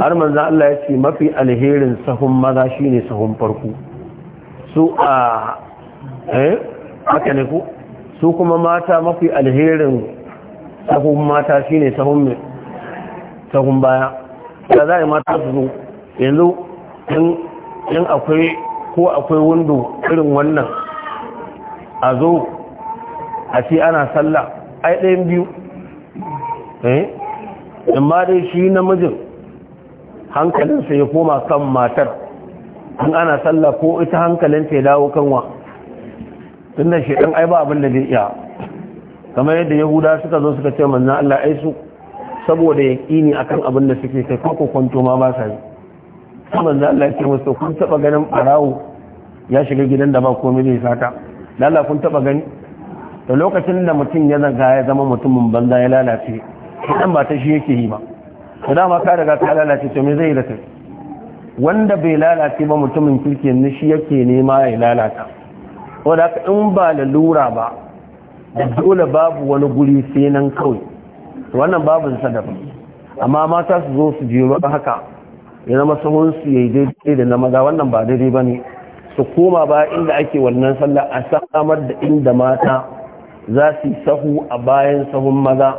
har manzan Allah ya ce mafi alherin sahun maza shine sahun farko su a eh ne ku su kuma mata mafi alherin sahun mata shine sahun mai sahun baya da za a yi mata su zo yanzu in akwai ko akwai wando irin wannan a zo a ce ana sallah ai ɗayan biyu eh ma dai shi namijin hankalinsa ya koma kan matar in ana sallah ko ita hankalinta ya dawo kanwa tun da shi ɗan ai ba abin da zai iya kamar yadda yahuda suka zo suka ce manzan Allah ai su saboda kini akan abin da suke kai ko kwanto ma ba sa yi sai manzan Allah ya ce musu kun taba ganin barawo ya shiga gidan da ba komai zai sata lalla kun taba gani da lokacin da mutum ya zaga ya zama mutumin banza ya lalace dan ba ta shi yake yi ba to dama ka daga ka lalace to me zai da kai wanda bai lalace ba mutumin kirki ne shi yake nema ya lalata wanda in ba lalura ba da dole babu wani guri sai nan kawai wannan babin sadafa amma mata su zo su jero haka ya zama sahun su yi daidai da na maza wannan ba daidai ba ne su koma ba inda ake wannan sallah a samar da inda mata za su yi sahu a bayan sahun maza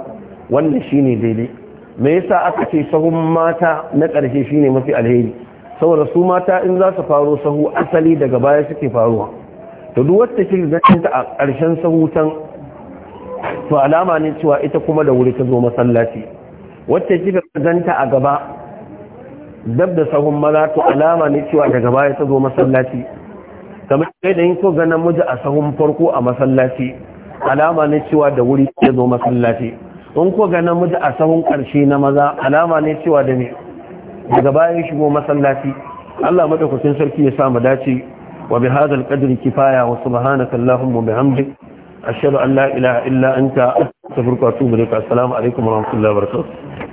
wannan shine daidai me yasa aka ce sahun mata na ƙarshe shine mafi alheri saboda su mata in za su faro sahu asali daga baya suke faruwa to duk wacce kika ta a ƙarshen sahutan to alama ne cewa ita kuma da wuri ta zo masallaci wacce kika zanta a gaba dab da sahun maza to alama ne cewa daga baya ta zo masallaci kamar kai da yin so ganin miji a sahun farko a masallaci alama ne cewa da wuri ta zo masallaci in ko ganin miji a sahun karshe na maza alama ne cewa da ne daga baya shigo masallaci Allah madaukakin sarki ya sa mu dace wa bi hadal qadri kifaya wa subhanaka allahumma bihamdika ashhadu an la ilaha illa anta astaghfiruka wa atubu ilaik alaikum wa rahmatullahi